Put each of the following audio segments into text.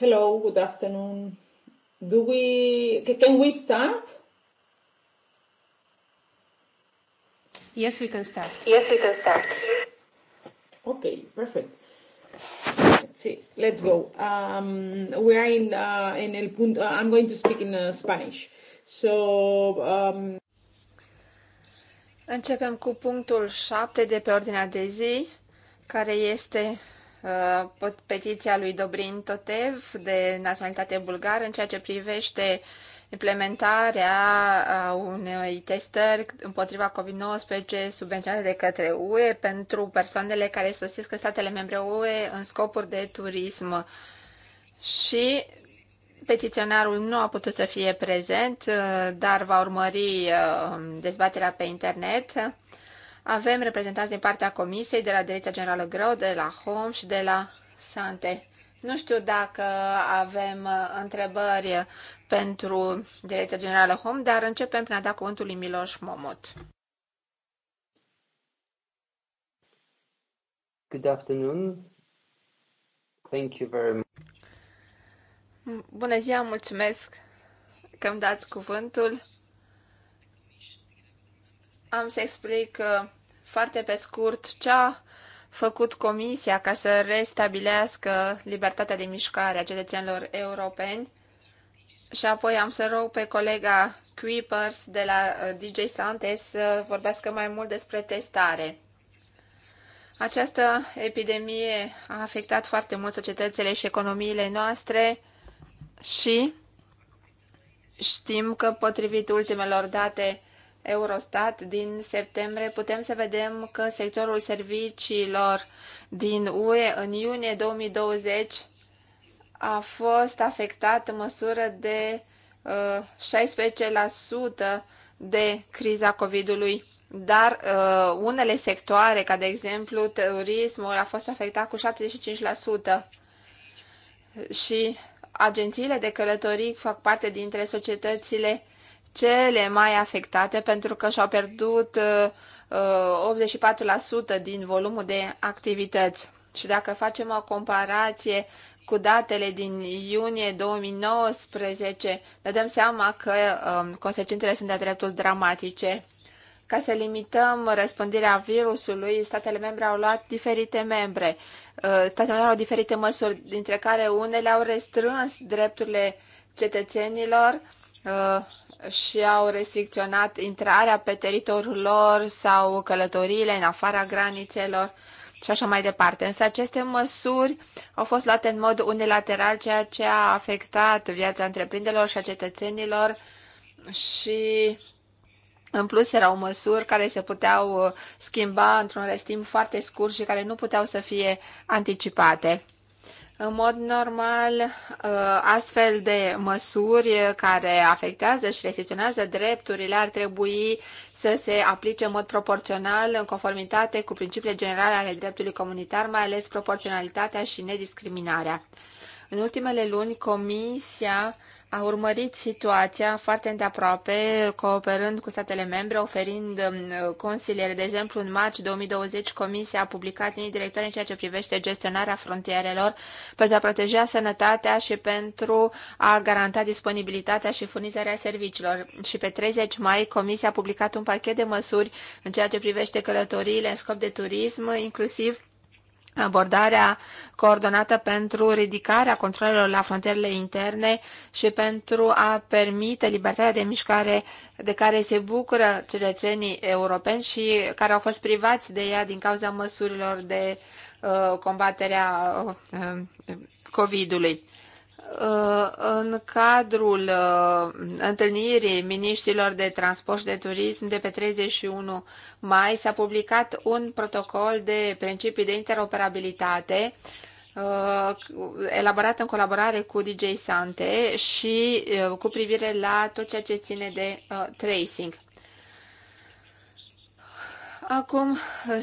Hello, good afternoon. Do we, can we start? Yes, we can start. Yes, we can start. Okay, perfect. Let's see, let's go. Um, we are in, uh, in el punto, uh, I'm going to speak in uh, Spanish. So, um... Începem cu punctul 7 de pe ordinea de zi, care este Uh, petiția lui Dobrin Totev de naționalitate bulgară în ceea ce privește implementarea uh, unei testări împotriva COVID-19 subvenționate de către UE pentru persoanele care sosesc în statele membre UE în scopuri de turism. Și petiționarul nu a putut să fie prezent, uh, dar va urmări dezbaterea pe internet. Avem reprezentanți din partea Comisiei, de la Direcția Generală Grău, de la Home și de la Sante. Nu știu dacă avem uh, întrebări pentru Direcția Generală Home, dar începem prin a da cuvântul lui Miloș Momot. Good afternoon. Thank you very much. Bună ziua, mulțumesc că îmi dați cuvântul. Am să explic uh, foarte pe scurt, ce a făcut Comisia ca să restabilească libertatea de mișcare a cetățenilor europeni și apoi am să rog pe colega Creepers de la uh, DJ Santes să vorbească mai mult despre testare. Această epidemie a afectat foarte mult societățile și economiile noastre și știm că potrivit ultimelor date Eurostat din septembrie, putem să vedem că sectorul serviciilor din UE în iunie 2020 a fost afectat în măsură de uh, 16% de criza COVID-ului, dar uh, unele sectoare, ca de exemplu turismul, a fost afectat cu 75% și agențiile de călătorii fac parte dintre societățile cele mai afectate pentru că și-au pierdut uh, uh, 84% din volumul de activități. Și dacă facem o comparație cu datele din iunie 2019, ne dăm seama că um, consecințele sunt de dreptul dramatice. Ca să limităm răspândirea virusului, statele membre au luat diferite membre. Uh, statele membre au diferite măsuri, dintre care unele au restrâns drepturile cetățenilor, și au restricționat intrarea pe teritoriul lor sau călătoriile în afara granițelor și așa mai departe. Însă aceste măsuri au fost luate în mod unilateral, ceea ce a afectat viața întreprinderilor și a cetățenilor și în plus erau măsuri care se puteau schimba într-un timp foarte scurt și care nu puteau să fie anticipate. În mod normal, ă, astfel de măsuri care afectează și restricționează drepturile ar trebui să se aplice în mod proporțional, în conformitate cu principiile generale ale dreptului comunitar, mai ales proporționalitatea și nediscriminarea. În ultimele luni, Comisia a urmărit situația foarte îndeaproape, cooperând cu statele membre, oferind um, consiliere. De exemplu, în martie 2020, Comisia a publicat linii directoare în ceea ce privește gestionarea frontierelor pentru a proteja sănătatea și pentru a garanta disponibilitatea și furnizarea serviciilor. Și pe 30 mai, Comisia a publicat un pachet de măsuri în ceea ce privește călătoriile în scop de turism, inclusiv abordarea coordonată pentru ridicarea controlelor la frontierele interne și pentru a permite libertatea de mișcare de care se bucură cetățenii europeni și care au fost privați de ea din cauza măsurilor de uh, combaterea uh, uh COVID-ului. Uh, în cadrul uh, întâlnirii miniștilor de transport și de turism de pe 31 mai s-a publicat un protocol de principii de interoperabilitate uh, elaborat în colaborare cu DJ Sante și cu privire la tot ceea ce ține de tracing. Acum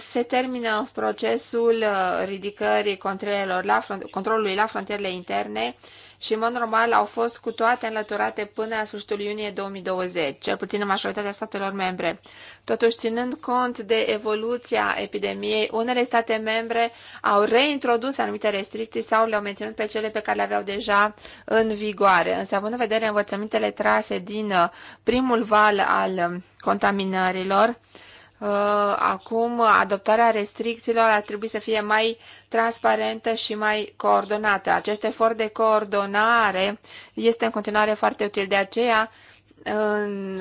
se termină procesul ridicării controlului la frontierele interne și, în mod normal, au fost cu toate înlăturate până la sfârșitul iunie 2020, cel puțin în majoritatea statelor membre. Totuși, ținând cont de evoluția epidemiei, unele state membre au reintrodus anumite restricții sau le-au menținut pe cele pe care le aveau deja în vigoare. Însă, având în vedere învățămintele trase din uh, primul val al um, contaminărilor, Uh, acum adoptarea restricțiilor ar trebui să fie mai transparentă și mai coordonată. Acest efort de coordonare este în continuare foarte util. De aceea, în,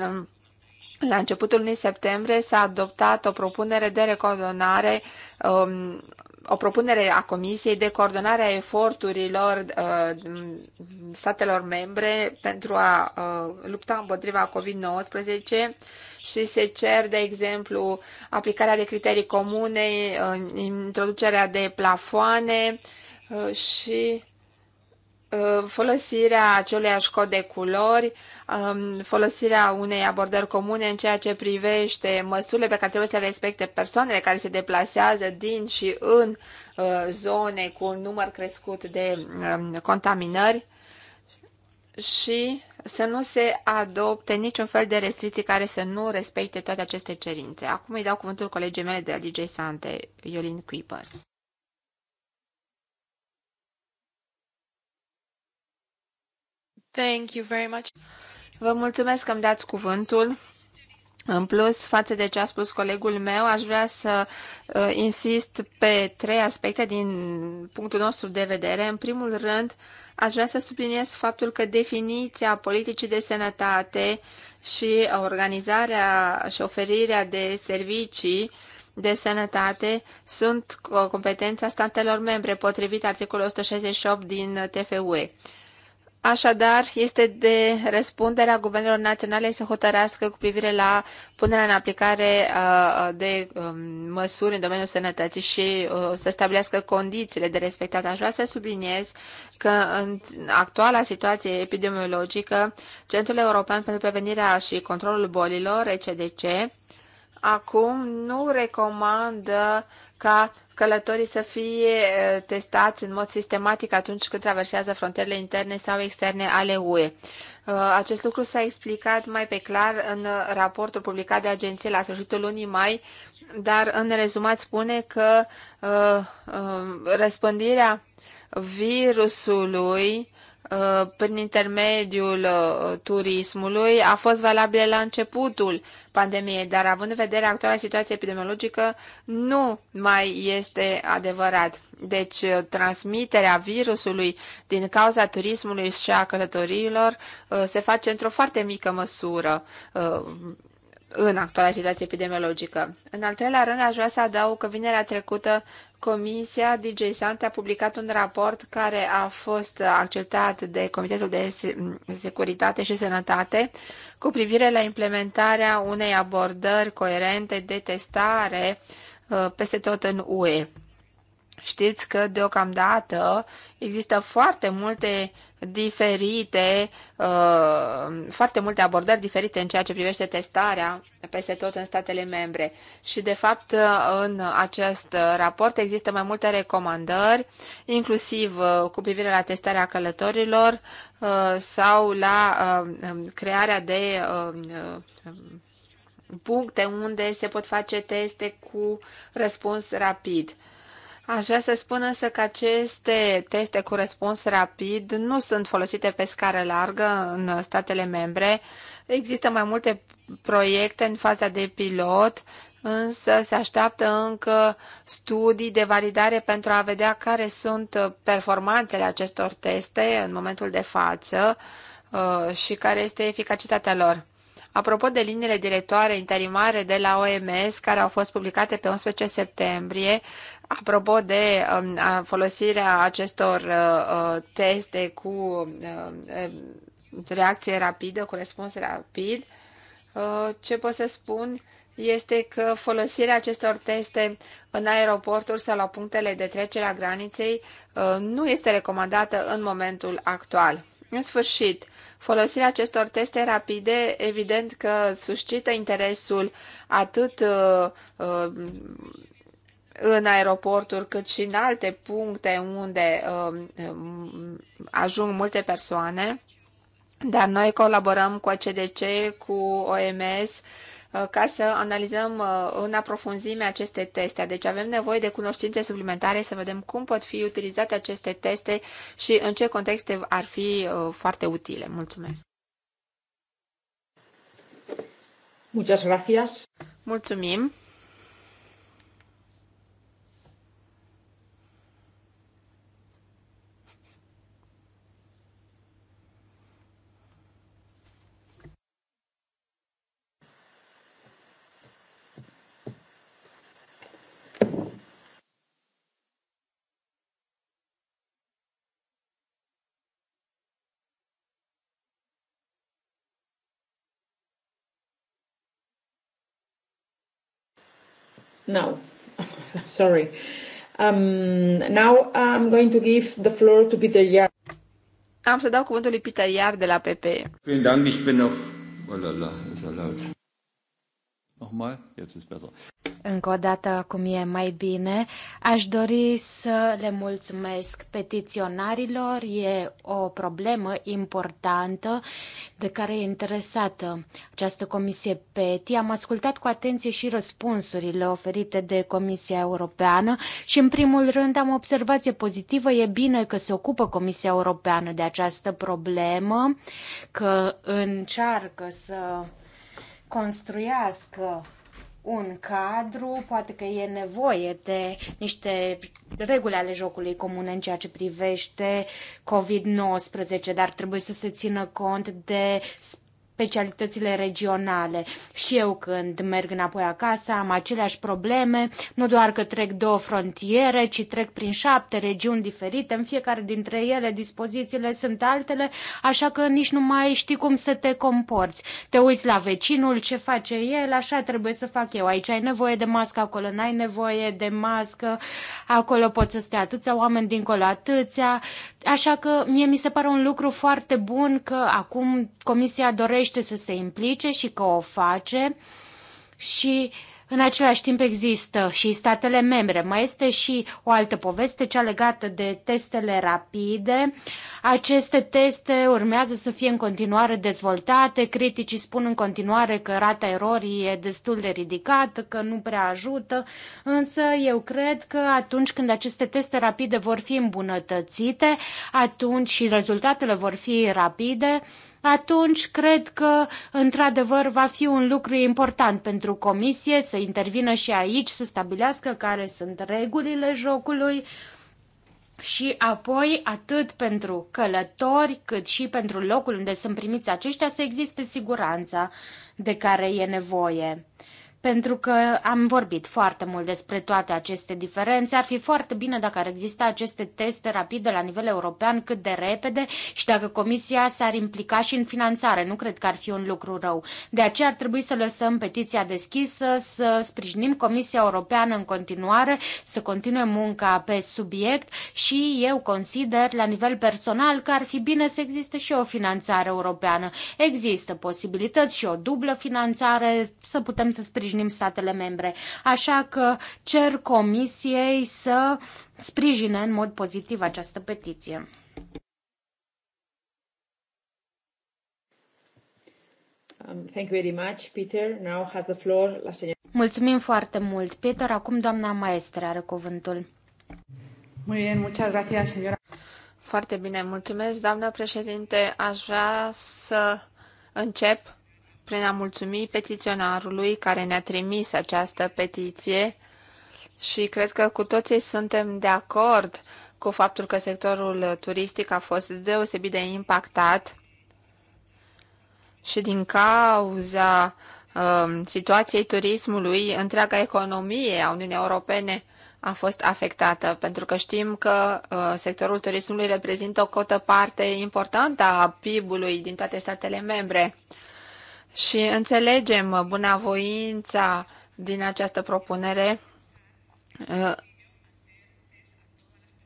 la începutul lunii septembrie s-a adoptat o propunere de recoordonare um, o propunere a Comisiei de coordonare a eforturilor uh, statelor membre pentru a uh, lupta împotriva COVID-19 și se cer, de exemplu, aplicarea de criterii comune, introducerea de plafoane uh, și uh, folosirea aceleiași cod de culori, um, folosirea unei abordări comune în ceea ce privește măsurile pe care trebuie să le respecte persoanele care se deplasează din și în uh, zone cu un număr crescut de um, contaminări și să nu se adopte niciun fel de restricții care să nu respecte toate aceste cerințe. Acum îi dau cuvântul colegii mele de la DJ Sante, Iolin Kuipers. Thank you very much. Vă mulțumesc că îmi dați cuvântul. În plus, față de ce a spus colegul meu, aș vrea să uh, insist pe trei aspecte din punctul nostru de vedere. În primul rând, aș vrea să subliniez faptul că definiția politicii de sănătate și organizarea și oferirea de servicii de sănătate sunt competența statelor membre, potrivit articolul 168 din TFUE. Așadar, este de răspunderea guvernelor naționale să hotărească cu privire la punerea în aplicare uh, de um, măsuri în domeniul sănătății și uh, să stabilească condițiile de respectat. Aș vrea să subliniez că în actuala situație epidemiologică, Centrul European pentru Prevenirea și Controlul Bolilor, ECDC, acum nu recomandă uh, ca călătorii să fie testați în mod sistematic atunci când traversează frontierele interne sau externe ale UE. Acest lucru s-a explicat mai pe clar în raportul publicat de agenție la sfârșitul lunii mai, dar în rezumat spune că răspândirea virusului Uh, prin intermediul uh, turismului a fost valabilă la începutul pandemiei, dar având în vedere actuala situație epidemiologică, nu mai este adevărat. Deci, uh, transmiterea virusului din cauza turismului și a călătoriilor se face într-o foarte mică măsură în actuala situație epidemiologică. În al treilea rând, aș vrea să adaug că vinerea trecută Comisia DJ Sant a publicat un raport care a fost acceptat de Comitetul de Securitate și Sănătate cu privire la implementarea unei abordări coerente de testare uh, peste tot în UE. Știți că deocamdată există foarte multe diferite, uh, foarte multe abordări diferite în ceea ce privește testarea peste tot în statele membre. Și, de fapt, uh, în acest raport există mai multe recomandări, inclusiv uh, cu privire la testarea călătorilor sau la um, crearea de um, puncte unde se pot face teste cu răspuns rapid. Aș vrea să spun însă că aceste teste cu răspuns rapid nu sunt folosite pe scară largă în statele membre. Există mai multe proiecte în faza de pilot, însă se așteaptă încă studii de validare pentru a vedea care sunt performanțele acestor teste în momentul de față uh, și care este eficacitatea lor. Apropo de liniile directoare interimare de la OMS, care au fost publicate pe 11 septembrie, Apropo de um, folosirea acestor uh, uh, teste cu uh, um, reacție rapidă, cu răspuns rapid, uh, ce pot să spun este că folosirea acestor teste în aeroporturi sau la punctele de trecere a graniței uh, nu este recomandată în momentul actual. În sfârșit, folosirea acestor teste rapide, evident că suscită interesul atât uh, uh în aeroporturi, cât și în alte puncte unde um, um, ajung multe persoane, dar noi colaborăm cu ACDC, cu OMS, uh, ca să analizăm uh, în aprofunzime aceste teste. Deci avem nevoie de cunoștințe suplimentare să vedem cum pot fi utilizate aceste teste și în ce contexte ar fi uh, foarte utile. Mulțumesc! Muchas gracias. Mulțumim! now. Sorry. Um, now I'm going to give the floor to Peter Yar. Am să dau cuvântul lui Peter Iar de la PP. Vielen Dank, ich bin noch... Oh la la, ist ja laut. Nochmal, jetzt ist besser încă o dată cum e mai bine. Aș dori să le mulțumesc petiționarilor. E o problemă importantă de care e interesată această comisie PETI. Am ascultat cu atenție și răspunsurile oferite de Comisia Europeană și în primul rând am observație pozitivă. E bine că se ocupă Comisia Europeană de această problemă, că încearcă să construiască un cadru, poate că e nevoie de niște reguli ale jocului comune în ceea ce privește COVID-19, dar trebuie să se țină cont de specialitățile regionale. Și eu când merg înapoi acasă am aceleași probleme, nu doar că trec două frontiere, ci trec prin șapte regiuni diferite, în fiecare dintre ele dispozițiile sunt altele, așa că nici nu mai știi cum să te comporți. Te uiți la vecinul, ce face el, așa trebuie să fac eu. Aici ai nevoie de mască, acolo n-ai nevoie de mască, acolo poți să stea atâția oameni dincolo, atâția, Așa că mie mi se pare un lucru foarte bun că acum Comisia dorește să se implice și că o face și uh, în același timp există și statele membre. Mai este și o altă poveste, cea legată de testele rapide. Aceste teste urmează să fie în continuare dezvoltate. Criticii spun în continuare că rata erorii e destul de ridicată, că nu prea ajută, însă eu cred că atunci când aceste teste rapide vor fi îmbunătățite, atunci și rezultatele vor fi rapide, atunci cred că, într-adevăr, va fi un lucru important pentru comisie să intervină și aici, să stabilească care sunt regulile jocului și apoi, atât pentru călători, cât și pentru locul unde sunt primiți aceștia, să existe siguranța de care e nevoie pentru că am vorbit foarte mult despre toate aceste diferențe. Ar fi foarte bine dacă ar exista aceste teste rapide la nivel european cât de repede și dacă Comisia s-ar implica și în finanțare. Nu cred că ar fi un lucru rău. De aceea ar trebui să lăsăm petiția deschisă, să sprijinim Comisia Europeană în continuare, să continue munca pe subiect și eu consider la nivel personal că ar fi bine să existe și o finanțare europeană. Există posibilități și o dublă finanțare, să putem să sprijinim sprijinim statele membre. Așa că cer Comisiei să sprijine în mod pozitiv această petiție. Um, thank you very much, Peter. Now has the floor la Mulțumim foarte mult, Peter. Acum doamna Maestră are cuvântul. Muy bien, muchas gracias, señora. Foarte bine, mulțumesc, doamna președinte. Aș vrea să încep prin a mulțumi petiționarului care ne-a trimis această petiție și cred că cu toții suntem de acord cu faptul că sectorul turistic a fost deosebit de impactat și din cauza um, situației turismului, întreaga economie a Uniunii Europene a fost afectată, pentru că știm că uh, sectorul turismului reprezintă o cotă parte importantă a PIB-ului din toate statele membre și înțelegem bunavoința din această propunere, uh,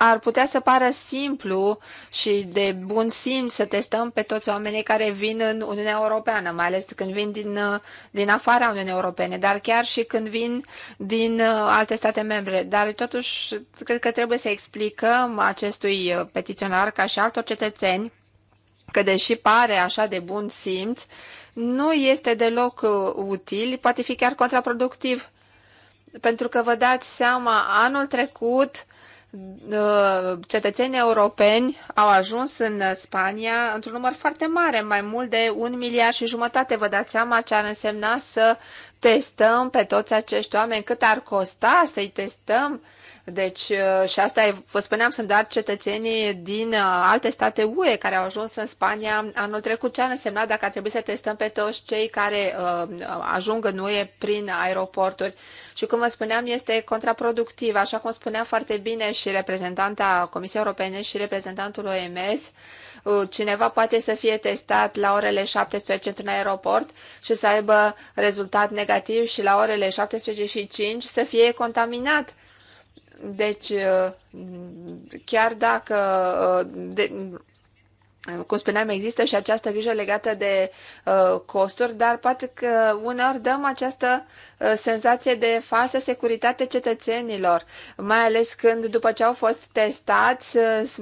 ar putea să pară simplu și de bun simț să testăm pe toți oamenii care vin în Uniunea Europeană, mai ales când vin din, uh, din afara Uniunii Europene, dar chiar și când vin din uh, alte state membre. Dar totuși, cred că trebuie să explicăm acestui petiționar, ca și altor cetățeni, că deși pare așa de bun simț, nu este deloc uh, util, poate fi chiar contraproductiv. Pentru că vă dați seama, anul trecut uh, cetățenii europeni au ajuns în Spania într-un număr foarte mare, mai mult de un miliard și jumătate. Vă dați seama ce ar însemna să testăm pe toți acești oameni, cât ar costa să-i testăm deci, uh, și asta, e, vă spuneam, sunt doar cetățenii din uh, alte state UE care au ajuns în Spania anul trecut. Ce a însemnat dacă ar trebui să testăm pe toți cei care uh, ajung în UE prin aeroporturi? Și, cum vă spuneam, este contraproductiv. Așa cum spunea foarte bine și reprezentanta Comisiei Europene și reprezentantul OMS, uh, cineva poate să fie testat la orele 17 în aeroport și să aibă rezultat negativ și la orele 17 și 5 să fie contaminat deci, uh, chiar dacă, uh, de, cum spuneam, există și această grijă legată de uh, costuri, dar poate că uneori dăm această senzație de falsă securitate cetățenilor, mai ales când după ce au fost testați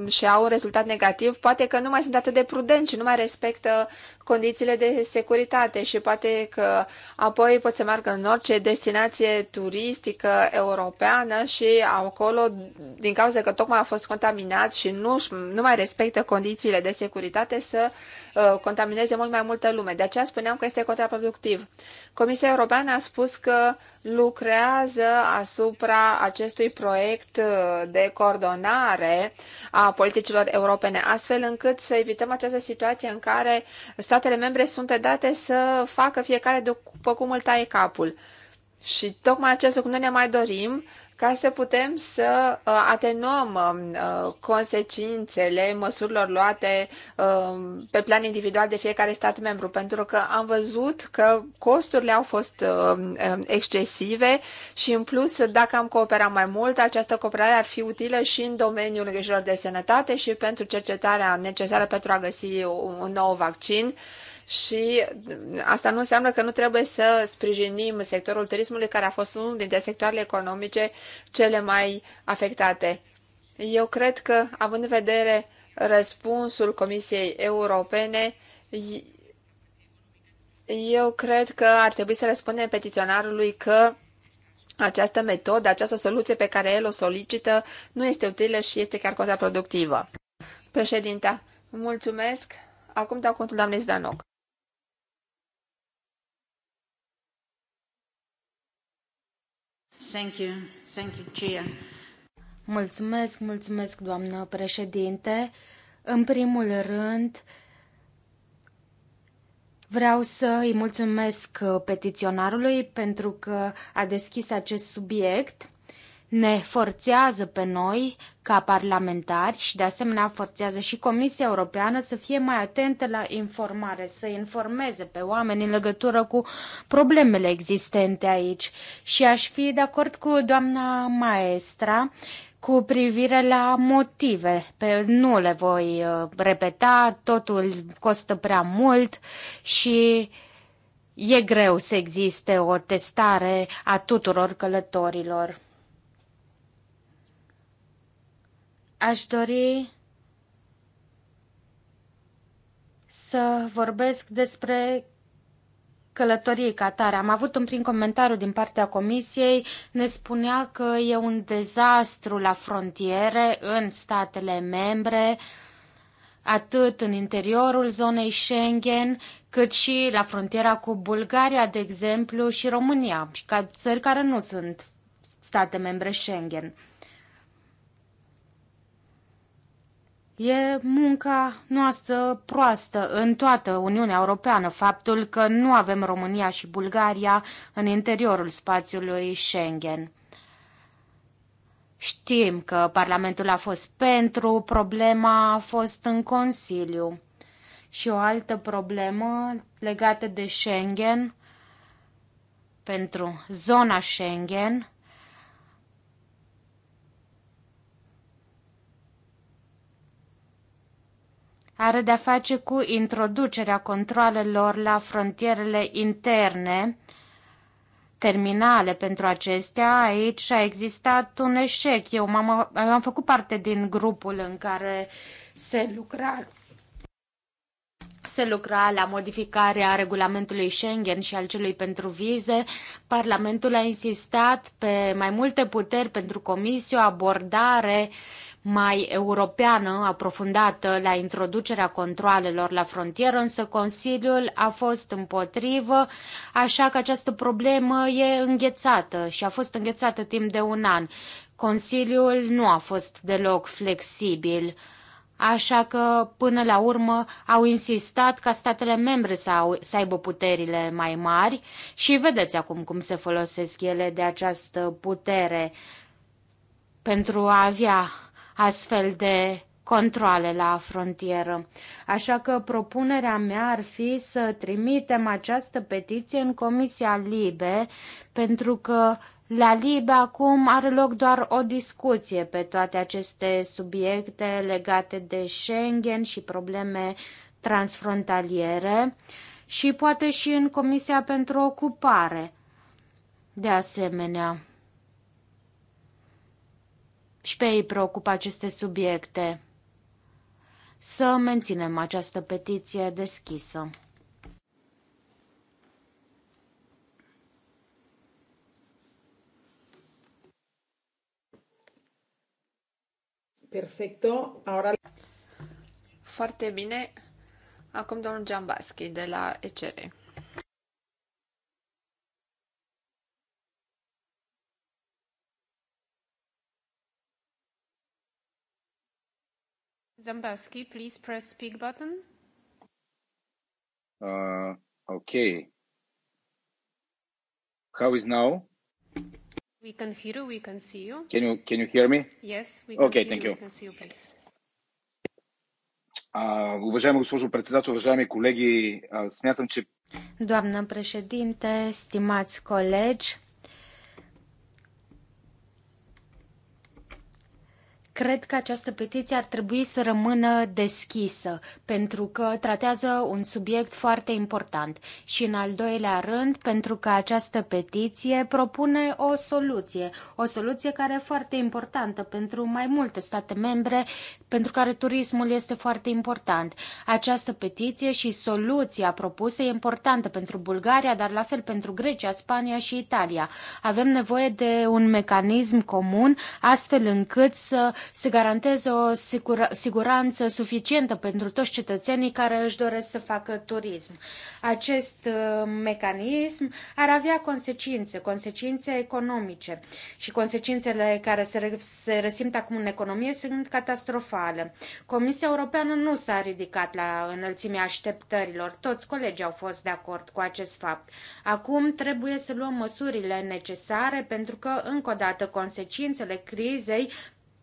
și au un rezultat negativ, poate că nu mai sunt atât de prudenți și nu mai respectă condițiile de securitate și poate că apoi pot să meargă în orice destinație turistică europeană și acolo, din cauza că tocmai a fost contaminat și nu, nu mai respectă condițiile de securitate, să uh, contamineze mult mai multă lume. De aceea spuneam că este contraproductiv. Comisia Europeană a spus că lucrează asupra acestui proiect uh, de coordonare a politicilor europene, astfel încât să evităm această situație în care statul statele membre sunt date să facă fiecare după cum îl taie capul. Și tocmai acest lucru noi ne mai dorim ca să putem să uh, atenuăm um, uh, consecințele măsurilor luate um, pe plan individual de fiecare stat membru, pentru că am văzut că costurile au fost um, excesive și, în plus, dacă am cooperat mai mult, această cooperare ar fi utilă și în domeniul grijilor de sănătate și pentru cercetarea necesară pentru a găsi un nou vaccin și asta nu înseamnă că nu trebuie să sprijinim sectorul turismului, care a fost unul dintre sectoarele economice cele mai afectate. Eu cred că, având în vedere răspunsul Comisiei Europene, eu cred că ar trebui să răspundem petiționarului că această metodă, această soluție pe care el o solicită, nu este utilă și este chiar contraproductivă. Președinta, mulțumesc. Acum dau contul doamnei Zdanoc. Mulțumesc, mulțumesc, doamnă președinte. În primul rând, Vreau să îi mulțumesc petiționarului pentru că a deschis acest subiect ne forțează pe noi ca parlamentari și de asemenea forțează și Comisia Europeană să fie mai atentă la informare, să informeze pe oameni în legătură cu problemele existente aici. Și aș fi de acord cu doamna maestra cu privire la motive. Pe, nu le voi uh, repeta, totul costă prea mult și e greu să existe o testare a tuturor călătorilor. Aș dori să vorbesc despre călătorie ca tare. Am avut un prim comentariu din partea comisiei, ne spunea că e un dezastru la frontiere în statele membre, atât în interiorul zonei Schengen, cât și la frontiera cu Bulgaria, de exemplu, și România, ca țări care nu sunt state membre Schengen. E munca noastră proastă în toată Uniunea Europeană, faptul că nu avem România și Bulgaria în interiorul spațiului Schengen. Știm că Parlamentul a fost pentru, problema a fost în Consiliu. Și o altă problemă legată de Schengen, pentru zona Schengen, are de-a face cu introducerea controlelor la frontierele interne, terminale pentru acestea. Aici a existat un eșec. Eu am am făcut parte din grupul în care se lucra se lucra la modificarea regulamentului Schengen și al celui pentru vize. Parlamentul a insistat pe mai multe puteri pentru comisie, o abordare uh, mai europeană, aprofundată la introducerea controalelor la frontieră, însă Consiliul a fost împotrivă, așa că această problemă e înghețată și a fost înghețată timp de un an. Consiliul nu a fost deloc flexibil. Așa că, până la urmă, au insistat ca statele membre să, au, să aibă puterile mai mari și vedeți acum cum se folosesc ele de această putere pentru a avea astfel de controle la frontieră. Așa că propunerea mea ar fi să trimitem această petiție în Comisia Libe, pentru că la Libe acum are loc doar o discuție pe toate aceste subiecte legate de Schengen și probleme transfrontaliere și poate și în Comisia pentru Ocupare. De asemenea, și pe ei preocupă aceste subiecte. Să menținem această petiție deschisă. Perfecto. Ahora... Foarte bine. Acum domnul Giambaschi de la ECR. Zambaski, please press speak button. Uh, okay. How is now? We can hear you, we can see you. Can you can you hear me? Yes, we can okay, hear thank you. you. We can see you, please. Uh, уважаема госпожо председател, уважаеми колеги, uh, смятам, че... Доамна președinte, stimați colegi, Cred că această petiție ar trebui să rămână deschisă, pentru că tratează un subiect foarte important. Și în al doilea rând, pentru că această petiție propune o soluție, o soluție care e foarte importantă pentru mai multe state membre, pentru care turismul este foarte important. Această petiție și soluția propusă e importantă pentru Bulgaria, dar la fel pentru Grecia, Spania și Italia. Avem nevoie de un mecanism comun, astfel încât să se garanteze o sigura, siguranță suficientă pentru toți cetățenii care își doresc să facă turism. Acest uh, mecanism ar avea consecințe, consecințe economice și consecințele care se, se resimt acum în economie sunt catastrofale. Comisia Europeană nu s-a ridicat la înălțimea așteptărilor. Toți colegii au fost de acord cu acest fapt. Acum trebuie să luăm măsurile necesare pentru că, încă o dată, consecințele crizei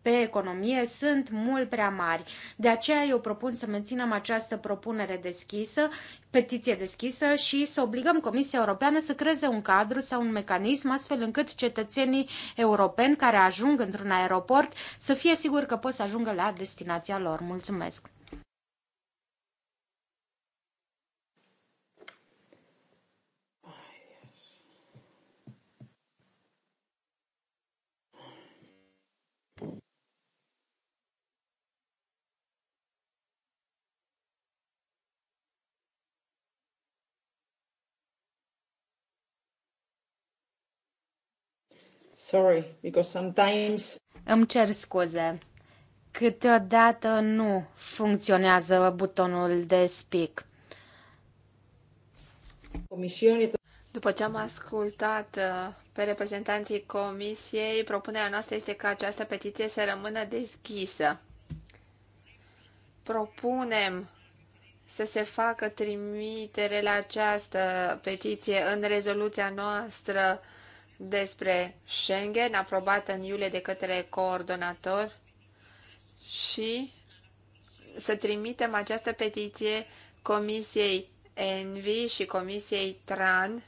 pe economie sunt mult prea mari. De aceea eu propun să menținem această propunere deschisă, petiție deschisă și să obligăm Comisia Europeană să creeze un cadru sau un mecanism astfel încât cetățenii europeni care ajung într-un aeroport să fie siguri că pot să ajungă la destinația lor. Mulțumesc! Sorry, because sometimes... Îmi cer scuze. Câteodată nu funcționează butonul de speak. După ce am ascultat uh, pe reprezentanții comisiei, propunerea noastră este ca această petiție să rămână deschisă. Propunem să se facă trimitere la această petiție în rezoluția noastră despre Schengen, aprobată în iulie de către coordonator și să trimitem această petiție Comisiei Envi și Comisiei TRAN,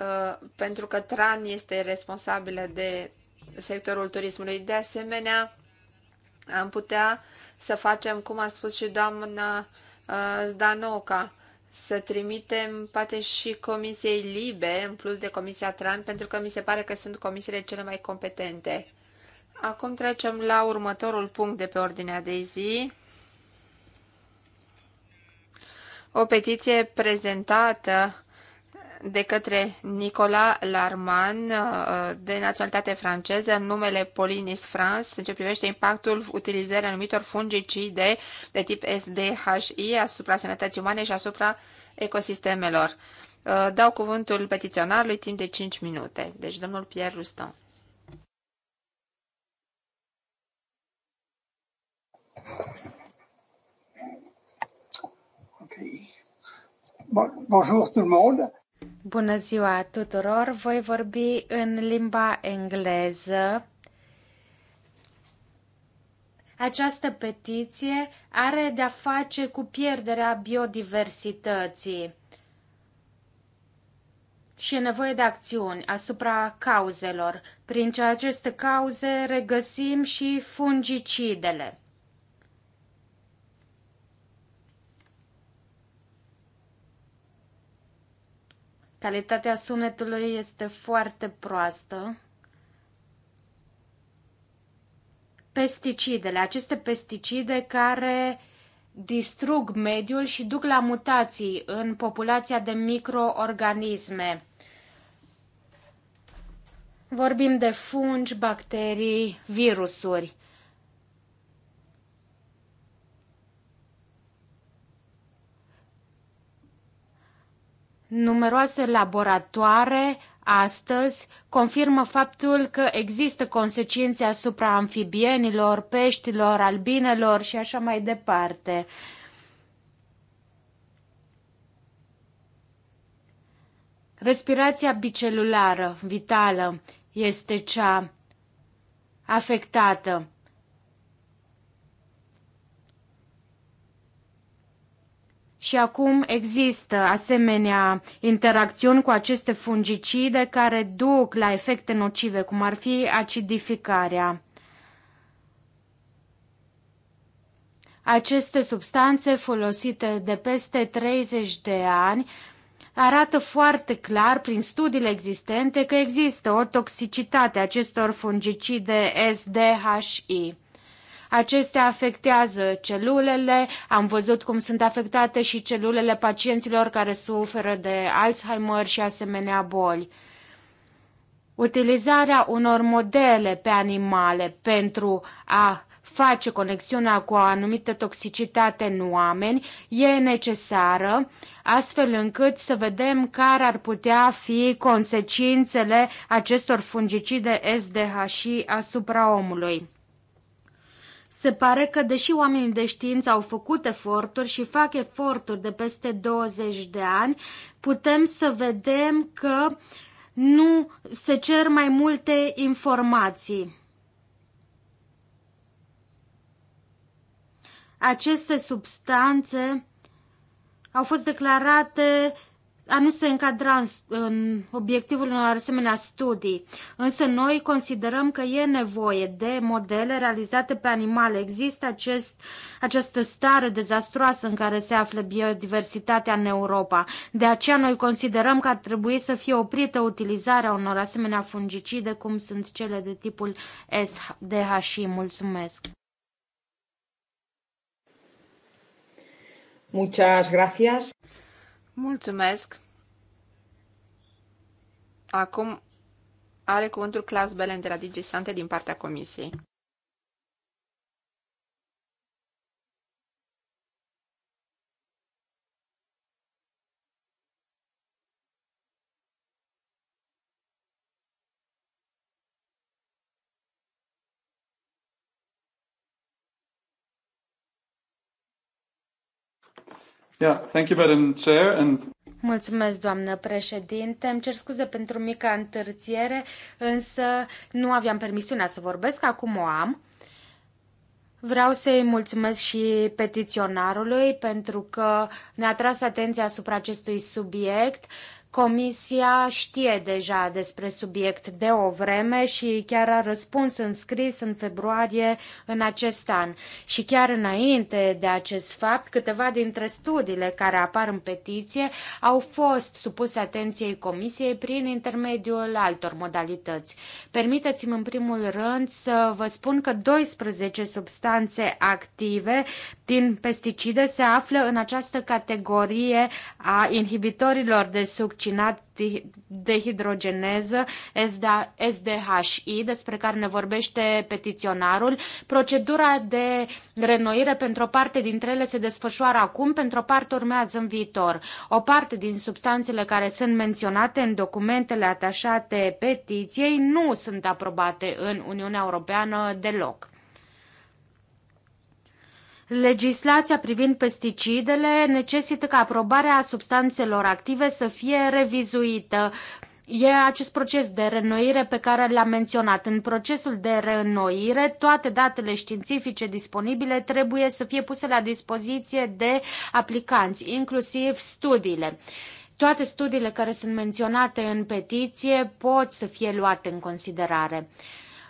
uh, pentru că TRAN este responsabilă de sectorul turismului. De asemenea, am putea să facem, cum a spus și doamna uh, Zdanoca, să trimitem poate și Comisiei Libe, în plus de Comisia Tran, pentru că mi se pare că sunt comisiile cele mai competente. Acum trecem la următorul punct de pe ordinea de zi. O petiție prezentată de către Nicolas Larman, uh, de naționalitate franceză, în numele Polinis France, în ce privește impactul utilizării anumitor fungicide de tip SDHI asupra sănătății umane și asupra ecosistemelor. Uh, dau cuvântul petiționarului timp de 5 minute. Deci, domnul Pierre Ruston. bonjour tout le monde. Bună ziua tuturor! Voi vorbi în limba engleză. Această petiție are de-a face cu pierderea biodiversității și e nevoie de acțiuni asupra cauzelor. Prin aceste cauze regăsim și fungicidele. Calitatea sunetului este foarte proastă. Pesticidele, aceste pesticide care distrug mediul și duc la mutații în populația de microorganisme. Vorbim de fungi, bacterii, virusuri. Numeroase laboratoare astăzi confirmă faptul că există consecințe asupra amfibienilor, peștilor, albinelor și așa mai departe. Respirația bicelulară, vitală, este cea afectată Și acum există asemenea interacțiuni cu aceste fungicide care duc la efecte nocive, cum ar fi acidificarea. Aceste substanțe folosite de peste 30 de ani arată foarte clar prin studiile existente că există o toxicitate acestor fungicide SDHI. Acestea afectează celulele, am văzut cum sunt afectate și celulele pacienților care suferă de Alzheimer și asemenea boli. Utilizarea unor modele pe animale pentru a face conexiunea cu o anumită toxicitate în oameni e necesară, astfel încât să vedem care ar putea fi consecințele acestor fungicide și asupra omului. Se pare că, deși oamenii de știință au făcut eforturi și fac eforturi de peste 20 de ani, putem să vedem că nu se cer mai multe informații. Aceste substanțe au fost declarate a nu se încadra în, în obiectivul unor asemenea studii. Însă noi considerăm că e nevoie de modele realizate pe animale. Există acest, această stare dezastroasă în care se află biodiversitatea în Europa. De aceea noi considerăm că ar trebui să fie oprită utilizarea unor asemenea fungicide, cum sunt cele de tipul SDHI. Mulțumesc! Muchas gracias. Mulțumesc. Acum are cuvântul Claus Belen de la DG Sante din partea Comisiei. Yeah, thank you, Madam Chair, and... Mulțumesc, doamnă președinte. Îmi cer scuze pentru mica întârziere, însă nu aveam permisiunea să vorbesc, acum o am. Vreau să-i mulțumesc și petiționarului pentru că ne-a tras atenția asupra acestui subiect. Comisia știe deja despre subiect de o vreme și chiar a răspuns în scris în februarie în acest an. Și chiar înainte de acest fapt, câteva dintre studiile care apar în petiție au fost supuse atenției Comisiei prin intermediul altor modalități. Permiteți-mi în primul rând să vă spun că 12 substanțe active din pesticide se află în această categorie a inhibitorilor de succinat hidrogeneză SDHI, despre care ne vorbește petiționarul. Procedura de renoire pentru o parte dintre ele se desfășoară acum, pentru o parte urmează în viitor. O parte din substanțele care sunt menționate în documentele atașate petiției nu sunt aprobate în Uniunea Europeană deloc. Legislația privind pesticidele necesită ca aprobarea substanțelor active să fie revizuită. E acest proces de renoire pe care l-am menționat. În procesul de renoire, toate datele științifice disponibile trebuie să fie puse la dispoziție de aplicanți, inclusiv studiile. Toate studiile care sunt menționate în petiție pot să fie luate în considerare.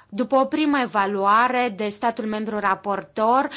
După o primă evaluare de statul membru raportor,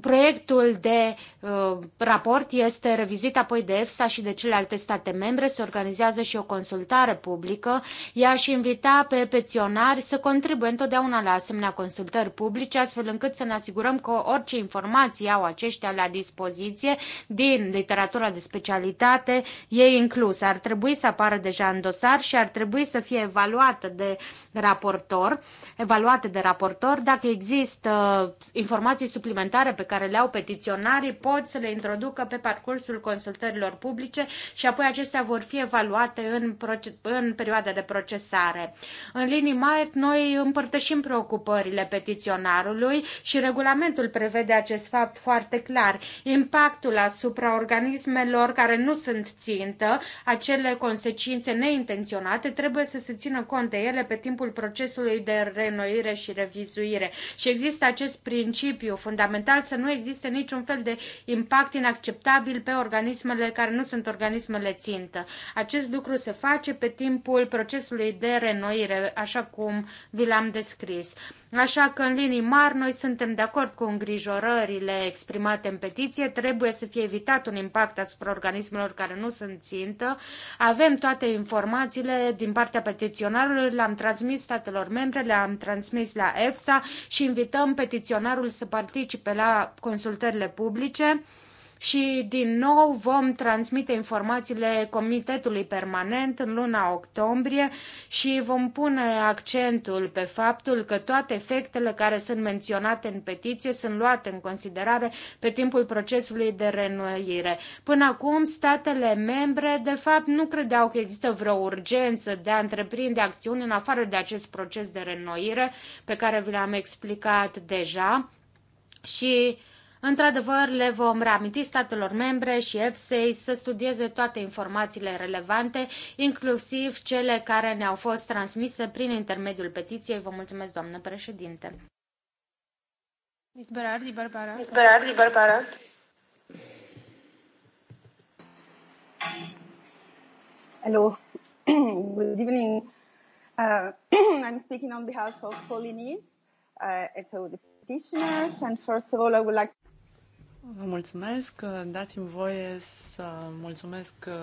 Proiectul de uh, raport este revizuit apoi de EFSA și de celelalte state membre. Se organizează și o consultare publică. Ea și invita pe peționari să contribuie întotdeauna la asemenea consultări publice, astfel încât să ne asigurăm că orice informații au aceștia la dispoziție din literatura de specialitate e inclusă. Ar trebui să apară deja în dosar și ar trebui să fie evaluată de raportor, evaluate de raportor dacă există uh, informații suplimentare pe care le au petiționarii pot să le introducă pe parcursul consultărilor publice și apoi acestea vor fi evaluate în, în perioada de procesare. În linii mari, noi împărtășim preocupările petiționarului și regulamentul prevede acest fapt foarte clar. Impactul asupra organismelor care nu sunt țintă, acele consecințe neintenționate, trebuie să se țină cont de ele pe timpul procesului de renoire și revizuire. Și există acest principiu fundamental să nu existe niciun fel de impact inacceptabil pe organismele care nu sunt organismele țintă. Acest lucru se face pe timpul procesului de renoire, așa cum vi l-am descris. Așa că, în linii mari, noi suntem de acord cu îngrijorările exprimate în petiție. Trebuie să fie evitat un impact asupra organismelor care nu sunt țintă. Avem toate informațiile din partea petiționarului, le-am transmis statelor membre, le-am transmis la EFSA și invităm petiționarul să participe la consultările publice și din nou vom transmite informațiile Comitetului Permanent în luna octombrie și vom pune accentul pe faptul că toate efectele care sunt menționate în petiție sunt luate în considerare pe timpul procesului de renoire. Până acum, statele membre, de fapt, nu credeau că există vreo urgență de a întreprinde acțiuni în afară de acest proces de renoire pe care vi l-am explicat deja și Într-adevăr, le vom reaminti statelor membre și EFSEI să studieze toate informațiile relevante, inclusiv cele care ne-au fost transmise prin intermediul petiției. Vă mulțumesc, doamnă președinte. Izberardi Barbara. Izberardi Barbara. Hello. Good evening. Uh, I'm speaking on behalf of Polynese. Uh, it's a practitioners and first of all I would like Vă mulțumesc. Dați-mi voie să mulțumesc uh,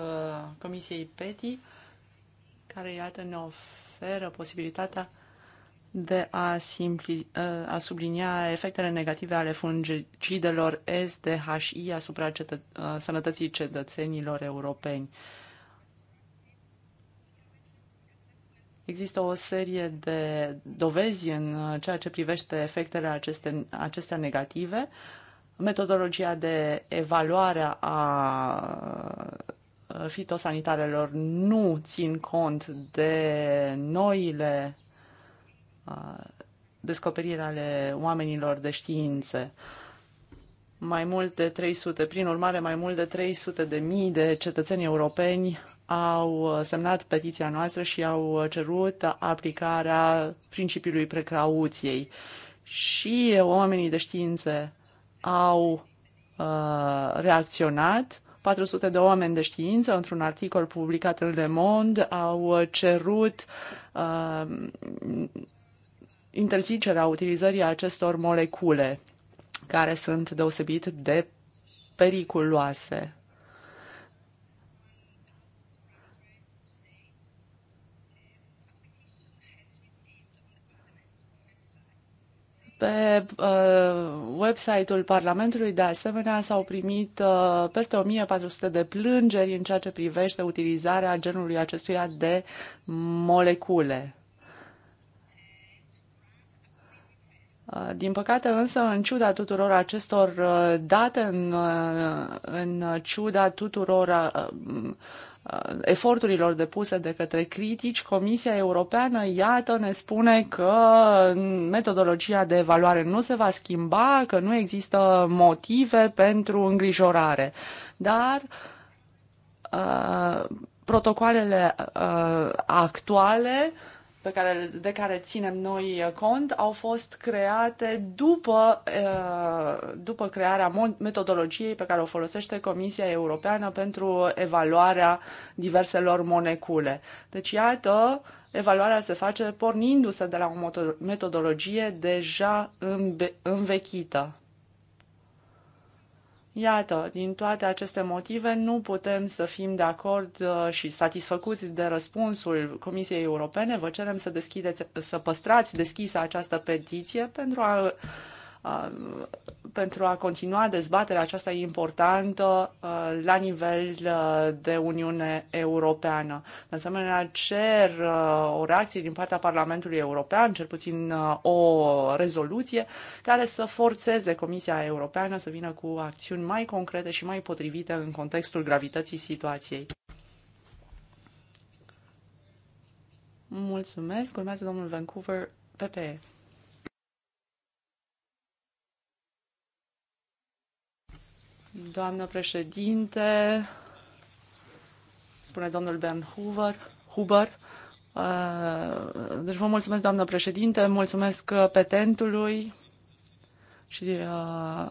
Comisiei PETI, care, iată, ne oferă posibilitatea de a, simpli, uh, a sublinia efectele negative ale fungicidelor SDHI asupra cetă, uh, sănătății cetățenilor europeni. Există o serie de dovezi în uh, ceea ce privește efectele aceste, acestea negative. Metodologia de evaluare a uh, fitosanitarelor nu țin cont de noile uh, descoperiri ale oamenilor de științe. Mai mult de 300, prin urmare, mai mult de 300 de mii de cetățeni europeni au semnat petiția noastră și au cerut aplicarea principiului precauției. Și oamenii de științe au uh, reacționat. 400 de oameni de știință, într-un articol publicat în Le Monde, au cerut uh, interzicerea utilizării acestor molecule care sunt deosebit de periculoase. Pe uh, website-ul Parlamentului, de asemenea, s-au primit uh, peste 1400 de plângeri în ceea ce privește utilizarea genului acestuia de molecule. Uh, din păcate însă, în ciuda tuturor acestor uh, date, în, uh, în ciuda tuturor Uh, eforturilor depuse de către critici, Comisia Europeană, iată, ne spune că metodologia de evaluare nu se va schimba, că nu există motive pentru îngrijorare. Dar uh, protocoalele uh, actuale uh, pe care, de care ținem noi uh, cont au fost create după, uh, după crearea metodologiei pe care o folosește Comisia Europeană pentru evaluarea diverselor molecule. Deci, iată, evaluarea se face pornindu-se de la o metodologie deja învechită. Iată, din toate aceste motive, nu putem să fim de acord uh, și satisfăcuți de răspunsul Comisiei Europene. Vă cerem să, deschideți, să păstrați deschisă această petiție pentru a pentru a continua dezbaterea aceasta importantă la nivel de Uniune Europeană. De asemenea, cer o reacție din partea Parlamentului European, cel puțin o rezoluție, care să forțeze Comisia Europeană să vină cu acțiuni mai concrete și mai potrivite în contextul gravității situației. Mulțumesc. Urmează domnul Vancouver, PPE. Doamnă președinte, spune domnul Ben Hoover, Huber, uh, deci vă mulțumesc, doamnă președinte, mulțumesc petentului și uh,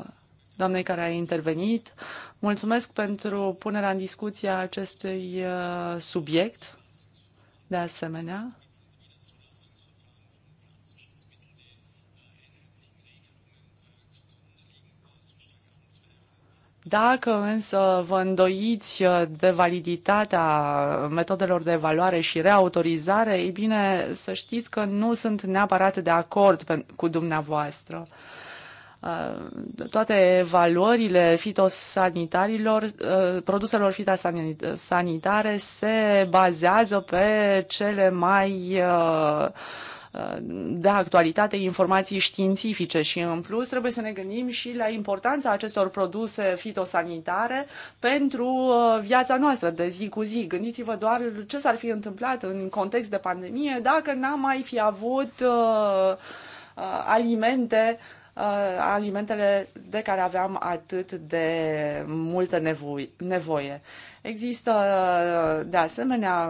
doamnei care a intervenit. Mulțumesc pentru punerea în discuție a acestui uh, subiect, de asemenea. Dacă însă vă îndoiți uh, de validitatea metodelor de evaluare și reautorizare, ei bine, să știți că nu sunt neapărat de acord cu dumneavoastră uh, toate evaluările fitosanitarilor, uh, produselor fitosanitare se bazează pe cele mai de actualitate informații științifice și în plus trebuie să ne gândim și la importanța acestor produse fitosanitare pentru uh, viața noastră de zi cu zi. Gândiți-vă doar ce s-ar fi întâmplat în context de pandemie dacă n-am mai fi avut uh, uh alimente uh, alimentele de care aveam atât de multă nevoie. Există, de asemenea,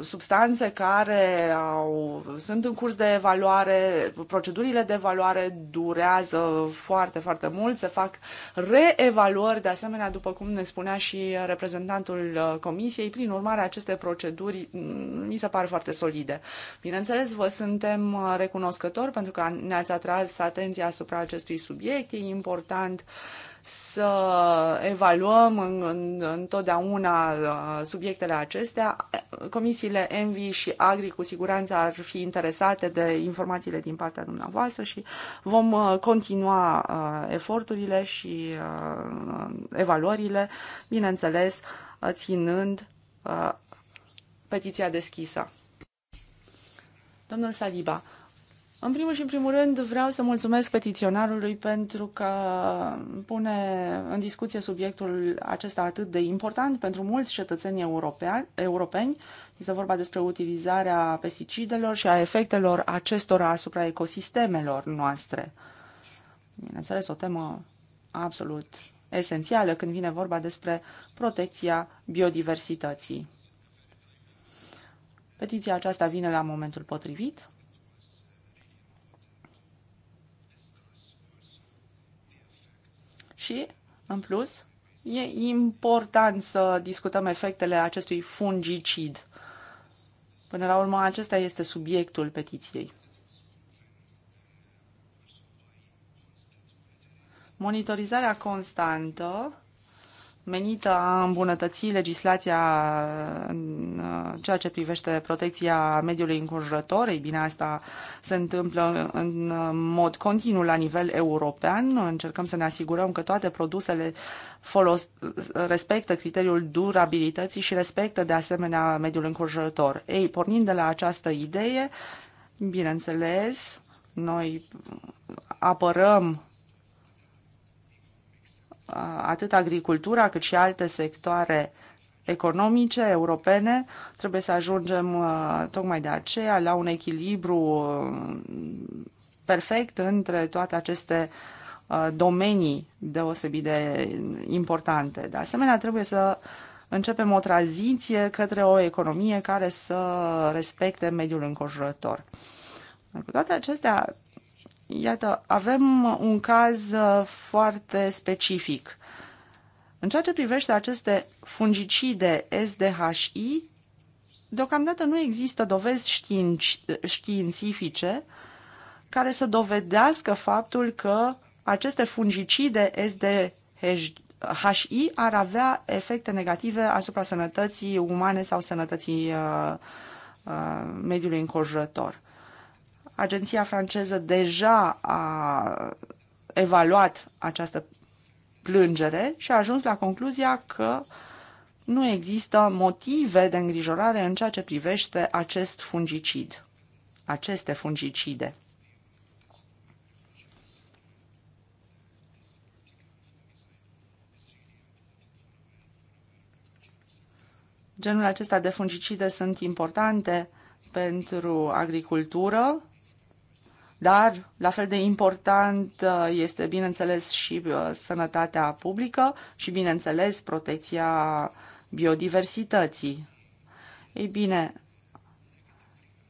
substanțe care au, sunt în curs de evaluare, procedurile de evaluare durează foarte, foarte mult, se fac reevaluări, de asemenea, după cum ne spunea și reprezentantul uh, Comisiei, prin urmare, aceste proceduri mm, mi se par foarte solide. Bineînțeles, vă suntem uh, recunoscători pentru că ne-ați atras atenția asupra acestui subiect, e important uh, să evaluăm în, în, întotdeauna uh, subiectele acestea. Comisiile Envi și Agri cu siguranță ar fi interesate de informațiile din partea dumneavoastră și vom uh, continua uh, eforturile și evaluările, bineînțeles, ținând petiția deschisă. Domnul Saliba, în primul și în primul rând vreau să mulțumesc petiționarului pentru că pune în discuție subiectul acesta atât de important pentru mulți cetățeni europeni, Este vorba despre utilizarea pesticidelor și a efectelor acestora asupra ecosistemelor noastre. Bineînțeles, o temă absolut esențială când vine vorba despre protecția biodiversității. Petiția aceasta vine la momentul potrivit. Și, în plus, e important să discutăm efectele acestui fungicid. Până la urmă, acesta este subiectul petiției. Monitorizarea constantă menită a îmbunătăți legislația în uh, ceea ce privește protecția mediului înconjurător. Ei bine, asta se întâmplă în mod continuu la nivel european. Încercăm să ne asigurăm că toate produsele folos- respectă criteriul durabilității și respectă de asemenea mediul înconjurător. Ei, pornind de la această idee, bineînțeles, noi apărăm atât agricultura cât și alte sectoare economice europene. Trebuie să ajungem tocmai de aceea la un echilibru perfect între toate aceste domenii deosebit de importante. De asemenea, trebuie să începem o tranziție către o economie care să respecte mediul înconjurător. Cu toate acestea, Iată, avem un caz uh, foarte specific. În ceea ce privește aceste fungicide SDHI, deocamdată nu există dovezi științifice care să dovedească faptul că aceste fungicide SDHI ar avea efecte negative asupra sănătății umane sau sănătății uh, uh, mediului înconjurător. Agenția franceză deja a evaluat această plângere și a ajuns la concluzia că nu există motive de îngrijorare în ceea ce privește acest fungicid, aceste fungicide. Genul acesta de fungicide sunt importante pentru agricultură, dar la fel de important uh, este, bineînțeles, și uh, sănătatea publică și, bineînțeles, protecția biodiversității. Ei bine,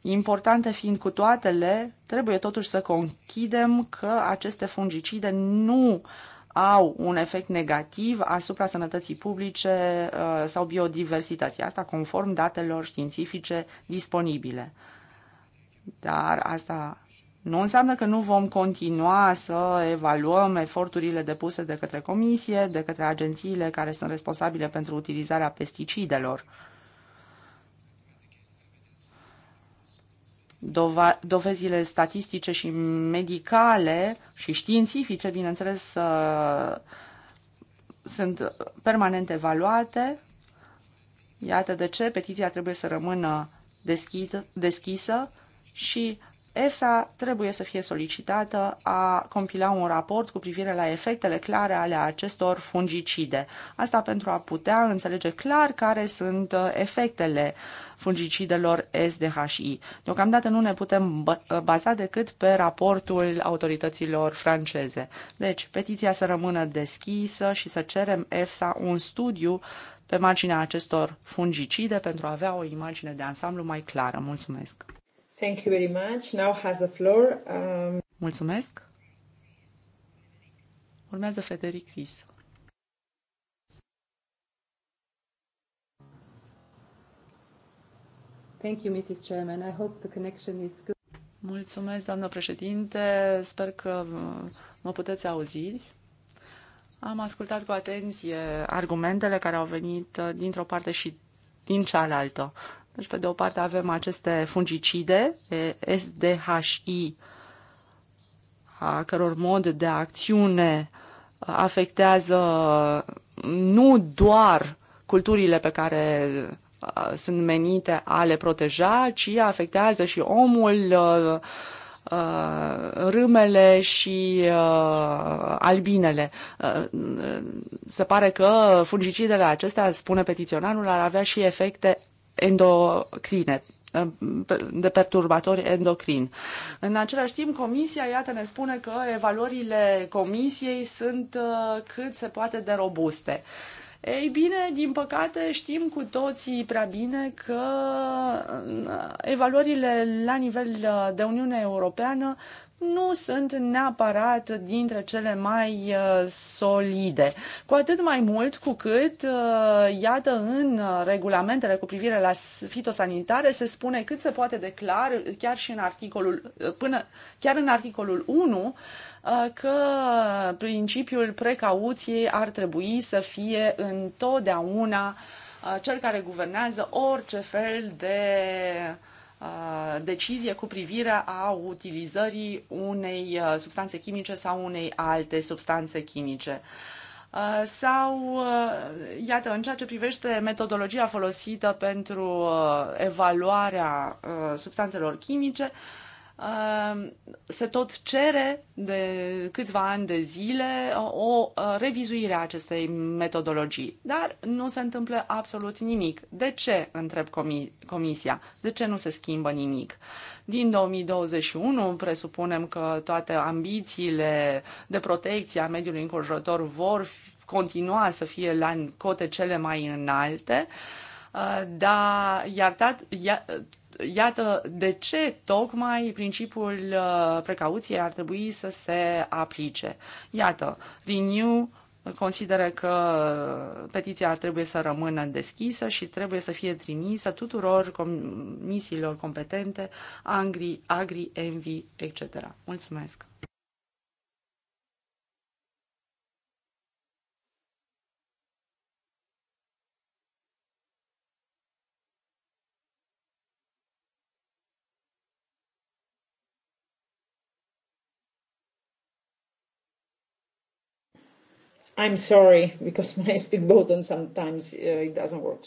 importante fiind cu toatele, trebuie totuși să conchidem că aceste fungicide nu au un efect negativ asupra sănătății publice uh, sau biodiversității. Asta conform datelor științifice disponibile. Dar asta nu înseamnă că nu vom continua să evaluăm eforturile depuse de către comisie, de către agențiile care sunt responsabile pentru utilizarea pesticidelor. dovezile statistice și medicale și științifice, bineînțeles, sunt permanent evaluate. Iată de ce petiția trebuie să rămână deschisă și EFSA trebuie să fie solicitată a compila un raport cu privire la efectele clare ale acestor fungicide. Asta pentru a putea înțelege clar care sunt uh, efectele fungicidelor SDHI. Deocamdată nu ne putem uh, baza decât pe raportul autorităților franceze. Deci, petiția să rămână deschisă și să cerem EFSA un studiu pe marginea acestor fungicide pentru a avea o imagine de ansamblu mai clară. Mulțumesc! Thank you very much. Now has the floor. Um... Mulțumesc. Urmează Frederic Ries. Thank you, Mrs. Chairman. I hope the connection is good. Mulțumesc, doamnă președinte. Sper că uh, mă puteți auzi. Am ascultat cu atenție argumentele care au venit uh, dintr-o parte și din cealaltă. Deci, pe de o parte avem aceste fungicide, SDHI, a căror mod de acțiune afectează nu doar culturile pe care sunt menite a le proteja, ci afectează și omul, râmele și albinele. Se pare că fungicidele acestea, spune petiționarul, ar avea și efecte endocrine eh, de perturbatori endocrini. În același timp, comisia, iată, ne spune că evaluările comisiei sunt eh, cât se poate de robuste. Ei bine, din păcate știm cu toții prea bine că eh, evaluările la nivel de Uniune Europeană nu sunt neapărat dintre cele mai uh, solide. Cu atât mai mult cu cât, uh, iată, în regulamentele cu privire la fitosanitare se spune cât se poate de clar, chiar și în articolul, uh, până, chiar în articolul 1, că principiul precauției ar trebui să fie întotdeauna cel care guvernează orice fel de uh, Uh, decizie cu privire a utilizării unei uh, substanțe chimice sau unei alte substanțe chimice. Uh, sau, iată, în ceea ce privește metodologia folosită pentru evaluarea substanțelor chimice, Ehm, se tot cere de câțiva ani de zile o uh, revizuire a acestei metodologii, dar nu se întâmplă absolut nimic. De ce, întreb Comisia, de ce nu se schimbă nimic? Din 2021 presupunem că toate ambițiile de protecție a mediului înconjurător vor continua să fie la cote cele mai înalte, ehm, dar iar, iar Iată de ce tocmai principiul uh, precauției ar trebui să se aplice. Iată, Renew consideră că petiția ar trebui să rămână deschisă și trebuie să fie trimisă tuturor comisiilor competente, Angri, Agri, Envi, etc. Mulțumesc! I'm sorry, because when I speak button sometimes uh, it doesn't work.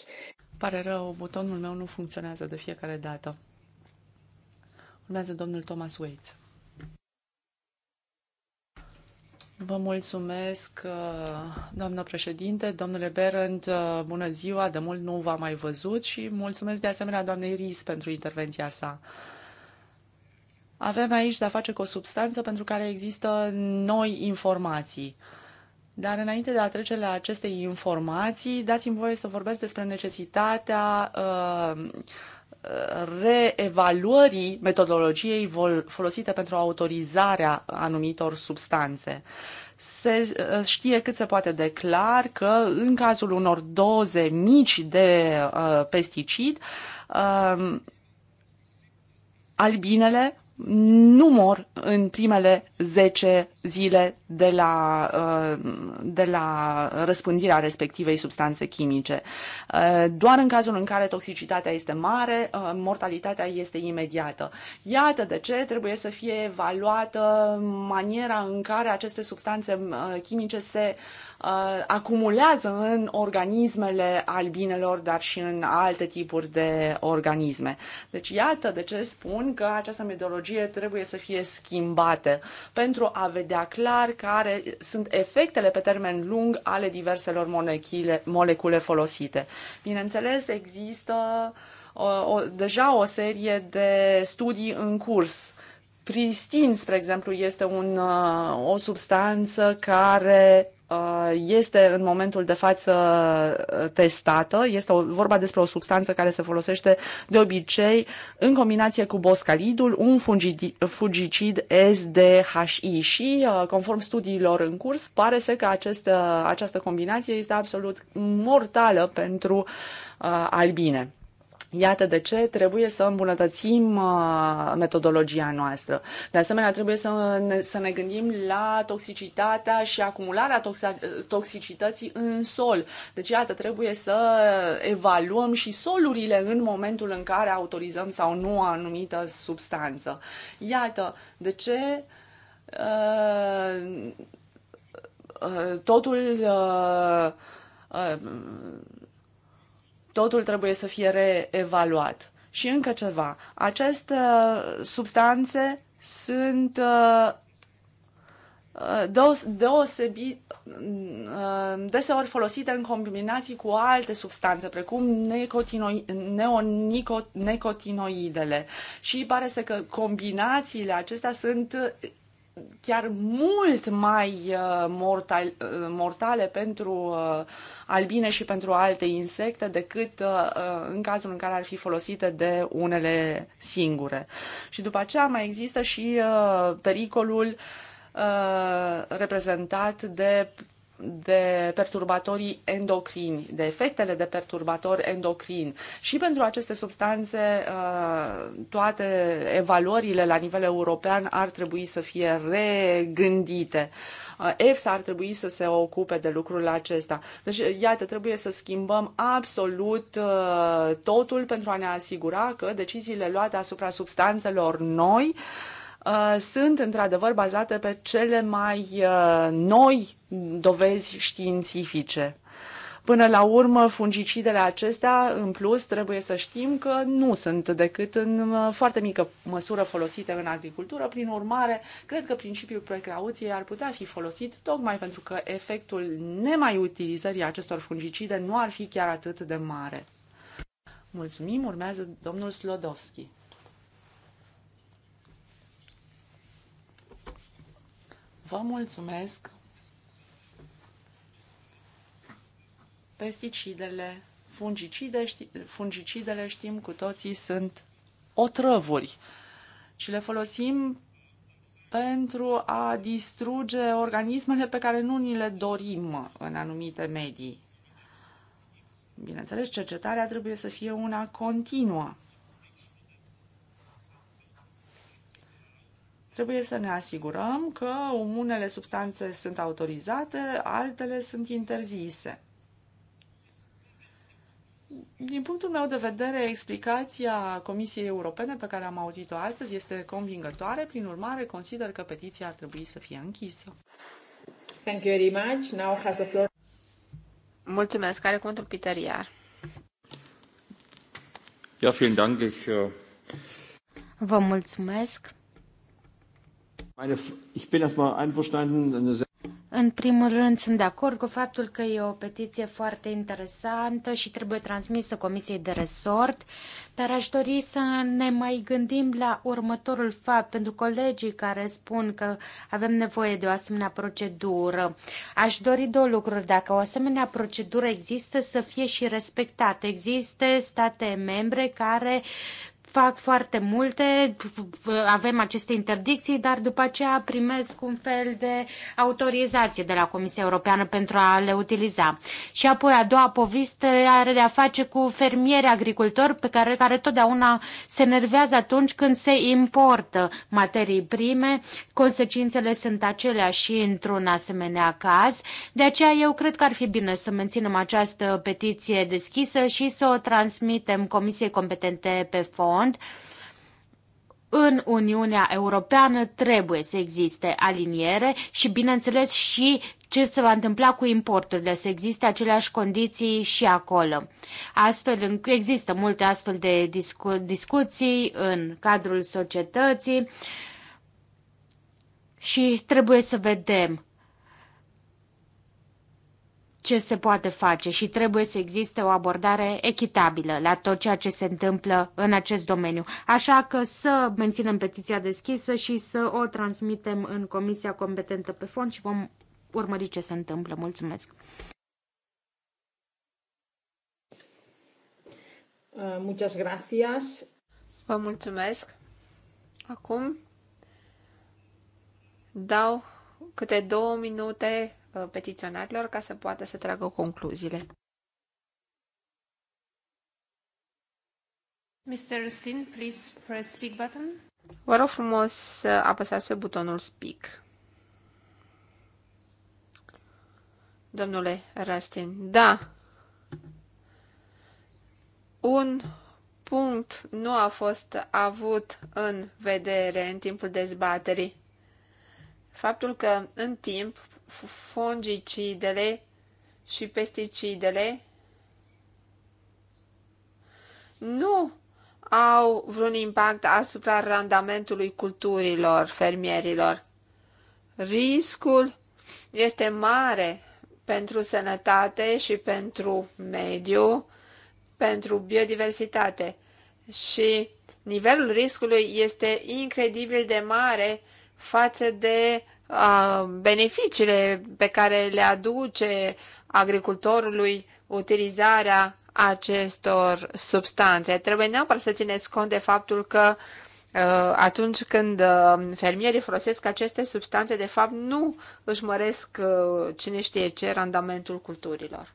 Pare rău, butonul meu nu funcționează de fiecare dată. Urmează domnul Thomas Waits. Vă mulțumesc, uh, doamnă președinte, domnule Berend, uh, bună ziua, de mult nu v-am mai văzut și mulțumesc de asemenea doamnei Ris pentru intervenția sa. Avem aici de-a face cu o substanță pentru care există noi informații. Dar înainte de a trece la aceste informații, dați-mi voie să vorbesc despre necesitatea uh, reevaluării metodologiei folosite pentru autorizarea anumitor substanțe. Se uh, știe cât se poate de clar că în cazul unor doze mici de uh, pesticid, uh, albinele nu mor în primele 10 zile de la, uh, de la răspândirea respectivei substanțe chimice. Uh, doar în cazul în care toxicitatea este mare, uh, mortalitatea este imediată. Iată de ce trebuie să fie evaluată maniera în care aceste substanțe chimice se acumulează în organismele albinelor, dar și în alte tipuri de organisme. Deci iată de ce spun că această metodologie tehnologie trebuie să fie schimbate pentru a vedea clar care sunt efectele pe termen lung ale diverselor molecule, molecule folosite. Bineînțeles, există o, o, deja o serie de studii în curs Pristin, spre exemplu, este un, uh, o substanță care Uh, este în momentul de față uh, testată. Este o, vorba despre o substanță care se folosește de obicei în combinație cu boscalidul, un fungid, fungicid SDHI și, uh, conform studiilor în curs, pare să că această această combinație este absolut mortală pentru uh, albine. Iată de ce trebuie să îmbunătățim uh, metodologia noastră. De asemenea, trebuie să ne, să ne gândim la toxicitatea și acumularea toxi- toxicității în sol. Deci, iată, trebuie să evaluăm și solurile în momentul în care autorizăm sau nu o anumită substanță. Iată de ce. Uh, uh, totul uh, uh Totul trebuie să fie reevaluat. Și încă ceva. Aceste uh, substanțe sunt uh, uh, deosebit, deseori folosite în combinații cu alte substanțe, precum neonicotinoidele. Și pare să că combinațiile acestea sunt chiar mult mai uh, mortal, uh, mortale pentru uh, albine și pentru alte insecte decât în cazul în care ar fi folosite de unele singure. Și după aceea mai există și pericolul reprezentat de de perturbatorii endocrini, de efectele de perturbatori endocrini. Și pentru aceste substanțe, uh, toate evaluările la nivel european ar trebui să fie regândite. Uh, EFSA ar trebui să se ocupe de lucrul acesta. Deci, iată, trebuie să schimbăm absolut uh, totul pentru a ne asigura că deciziile luate asupra substanțelor noi uh, Uh, sunt într-adevăr bazate pe cele mai uh, noi dovezi științifice. Până la urmă, fungicidele acestea, în plus, trebuie să știm că nu sunt decât în uh, foarte mică măsură folosite în agricultură. Prin urmare, cred că principiul precauției ar putea fi folosit tocmai pentru că efectul nemai utilizării acestor fungicide nu ar fi chiar atât de mare. Mulțumim, urmează domnul Slodovski. Vă mulțumesc. Pesticidele, fungicide, ști, fungicidele știm cu toții sunt otrăvuri și le folosim pentru a distruge organismele pe care nu ni le dorim în anumite medii. Bineînțeles, cercetarea trebuie să fie una continuă. Trebuie să ne asigurăm că unele substanțe sunt autorizate, altele sunt interzise. Din punctul meu de vedere, explicația Comisiei Europene pe care am auzit-o astăzi este convingătoare, prin urmare consider că petiția ar trebui să fie închisă. Thank you very much. Now has the floor. Mulțumesc. Care contul Peter Iar? Ja, vielen Dank. Ich, uh... Vă mulțumesc. În primul rând, sunt de acord cu faptul că e o petiție foarte interesantă și trebuie transmisă Comisiei de Resort, dar aș dori să ne mai gândim la următorul fapt pentru colegii care spun că avem nevoie de o asemenea procedură. Aș dori două lucruri. Dacă o asemenea procedură există, să fie și respectată. Există state membre care fac foarte multe, avem aceste interdicții, dar după aceea primesc un fel de autorizație de la Comisia Europeană pentru a le utiliza. Și apoi a doua poveste are de a face cu fermieri agricultori pe care, care totdeauna se nervează atunci când se importă materii prime. Consecințele sunt aceleași și într-un asemenea caz. De aceea eu cred că ar fi bine să menținem această petiție deschisă și să o transmitem Comisiei Competente pe fond fond, în Uniunea Europeană trebuie să existe aliniere și, bineînțeles, și ce se va întâmpla cu importurile, să existe aceleași condiții și acolo. Astfel, există multe astfel de discu- discuții în cadrul societății și trebuie să vedem ce se poate face și trebuie să existe o abordare echitabilă la tot ceea ce se întâmplă în acest domeniu. Așa că să menținem petiția deschisă și să o transmitem în comisia competentă pe fond și vom urmări ce se întâmplă. Mulțumesc! Uh, muchas gracias. Vă mulțumesc. Acum dau câte două minute Uh, petiționarilor ca să poată să tragă concluziile. Mr. Rustin, please press speak button. Vă rog frumos să apăsați pe butonul speak. Domnule Rustin, da. Un punct nu a fost avut în vedere în timpul dezbaterii. Faptul că în timp fungicidele și pesticidele nu au vreun impact asupra randamentului culturilor fermierilor. Riscul este mare pentru sănătate și pentru mediu, pentru biodiversitate și nivelul riscului este incredibil de mare față de beneficiile pe care le aduce agricultorului utilizarea acestor substanțe. Trebuie neapărat să țineți cont de faptul că atunci când fermierii folosesc aceste substanțe, de fapt nu își măresc cine știe ce randamentul culturilor.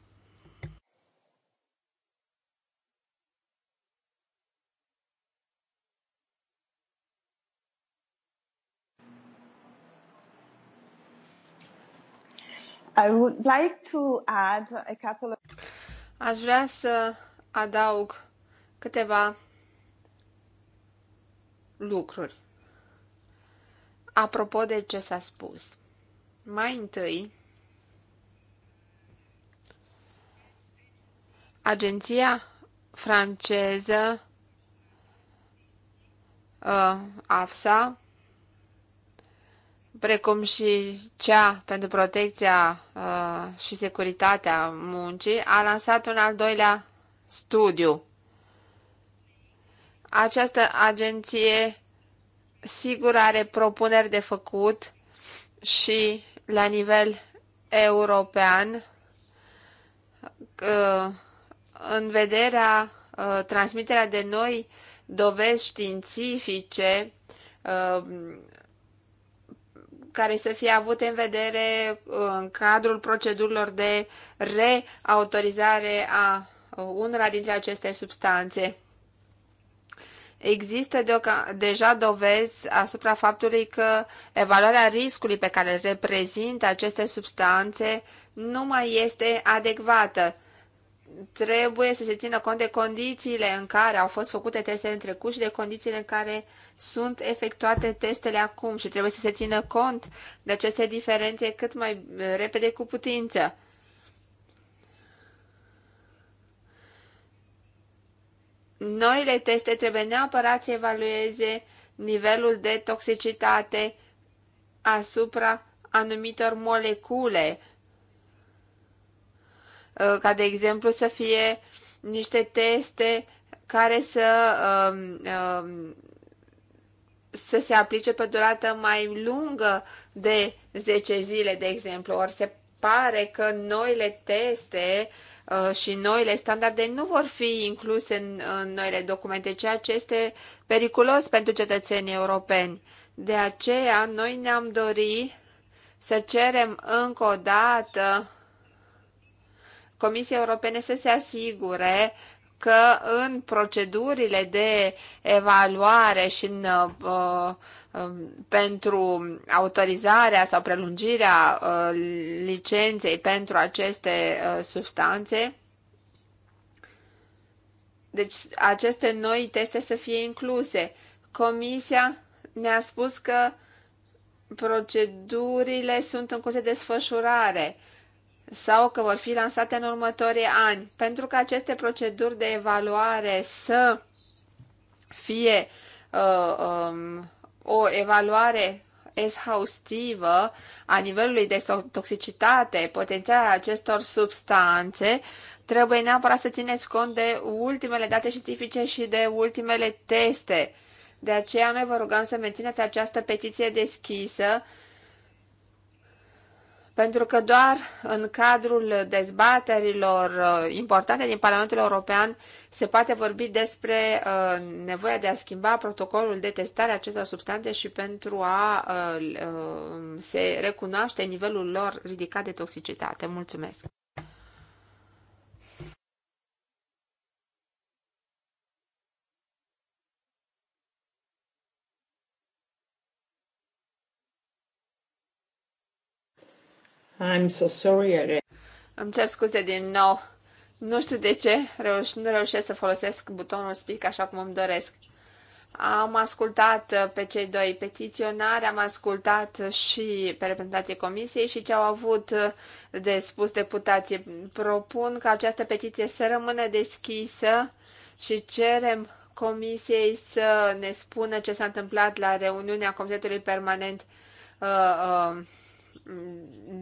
I would like to add a couple of... Aș vrea să adaug câteva lucruri. Apropo de ce s-a spus, mai întâi, agenția franceză uh, AFSA precum și cea pentru protecția uh, și securitatea muncii, a lansat un al doilea studiu. Această agenție sigur are propuneri de făcut și la nivel european uh, în vederea uh, transmiterea de noi dovezi științifice uh, care să fie avut în vedere uh, în cadrul procedurilor de reautorizare a uh, unora dintre aceste substanțe. Există deja dovezi asupra faptului că evaluarea riscului pe care îl reprezintă aceste substanțe nu mai este adecvată trebuie să se țină cont de condițiile în care au fost făcute testele în trecut și de condițiile în care sunt efectuate testele acum și trebuie să se țină cont de aceste diferențe cât mai repede cu putință. Noile teste trebuie neapărat să evalueze nivelul de toxicitate asupra anumitor molecule Uh, ca de exemplu să fie niște teste care să, um, um, să se aplice pe durată mai lungă de 10 zile, de exemplu. Ori se pare că noile teste uh, și noile standarde nu vor fi incluse în, în noile documente, ceea ce este periculos pentru cetățenii europeni. De aceea, noi ne-am dorit să cerem încă o dată Comisiei Europene să se asigure că în procedurile de evaluare și în, uh, uh, pentru autorizarea sau prelungirea uh, licenței pentru aceste uh, substanțe, deci aceste noi teste să fie incluse. Comisia ne-a spus că procedurile sunt în curs de desfășurare sau că vor fi lansate în următorii ani, pentru că aceste proceduri de evaluare să fie uh, um, o evaluare exhaustivă a nivelului de toxicitate potențial a acestor substanțe, trebuie neapărat să țineți cont de ultimele date științifice și de ultimele teste. De aceea noi vă rugăm să mențineți această petiție deschisă pentru că doar în cadrul dezbaterilor uh, importante din Parlamentul European se poate vorbi despre uh, nevoia de a schimba protocolul de testare acestor substanțe și pentru a uh, se recunoaște nivelul lor ridicat de toxicitate. Mulțumesc! I'm so sorry, Irene. Îmi cer scuze din nou. Nu știu de ce reuș- nu reușesc să folosesc butonul speak așa cum îmi doresc. Am ascultat uh, pe cei doi petiționari, am ascultat și pe reprezentanții comisiei și ce au avut uh, de spus deputații. Propun ca această petiție să rămână deschisă și cerem comisiei să ne spună ce s-a întâmplat la reuniunea Comitetului Permanent uh, uh,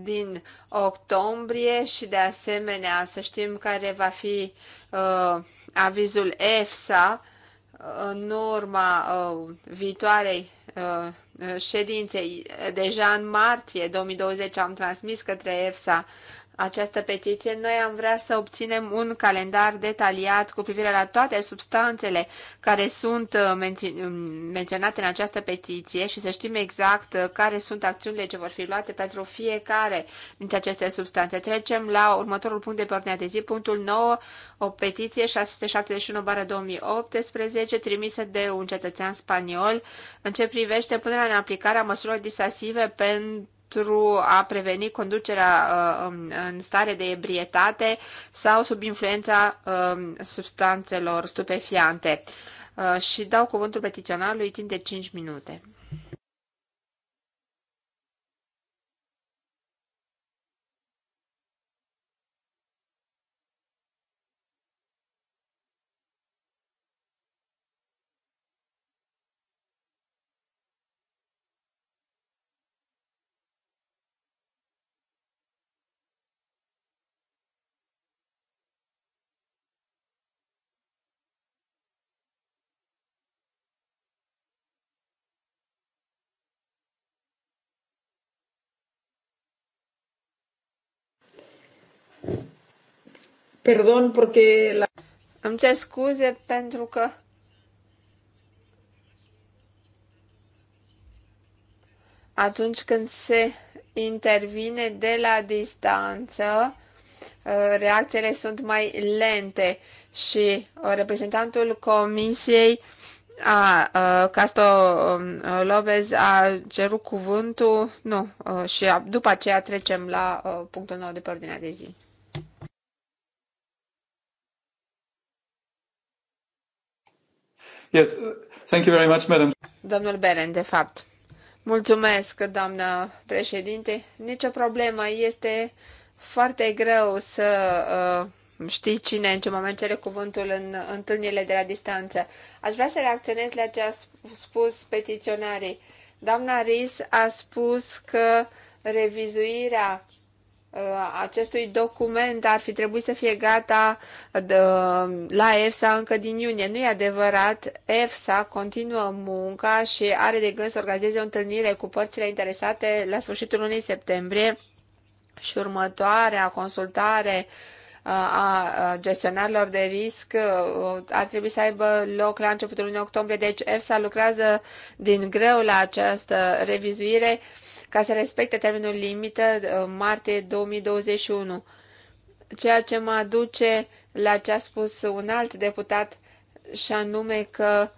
din octombrie și de asemenea să știm care va fi uh, avizul EFSA în urma uh, viitoarei uh, ședinței. Deja în martie 2020 am transmis către EFSA această petiție, noi am vrea să obținem un calendar detaliat cu privire la toate substanțele care sunt uh, um, menționate în această petiție și să știm exact uh, care sunt acțiunile ce vor fi luate pentru fiecare dintre aceste substanțe. Trecem la următorul punct de pe ordinea de zi, punctul 9, o petiție 671-2018 trimisă de un cetățean spaniol în ce privește punerea în aplicare a măsurilor disasive pentru pentru a preveni conducerea uh, în stare de ebrietate sau sub influența um, substanțelor stupefiante. Uh, și dau cuvântul petiționarului timp de 5 minute. Perdon, porque la... Îmi cer scuze pentru că atunci când se intervine de la distanță, uh, reacțiile sunt mai lente și uh, reprezentantul comisiei a, uh, Casto um, Lopez a cerut cuvântul, nu, și după aceea trecem la punctul nou de pe ordinea de zi. Yes, thank you very much, madam. Domnul Beren, de fapt. Mulțumesc, doamnă președinte. Nicio problemă. Este foarte greu să uh, știi cine în ce moment cere cuvântul în întâlnirile de la distanță. Aș vrea să reacționez la ce a spus petiționarii. Doamna Ris a spus că revizuirea Uh, acestui document ar fi trebuit să fie gata de, la EFSA încă din iunie. Nu e adevărat, EFSA continuă munca și are de gând să organizeze o întâlnire cu părțile interesate la sfârșitul lunii septembrie și următoarea consultare uh, a gestionarilor de risc uh, ar trebui să aibă loc la începutul lunii octombrie, deci EFSA lucrează din greu la această revizuire ca să respecte termenul limită uh, martie 2021, ceea ce mă aduce la ce a spus un alt deputat și anume că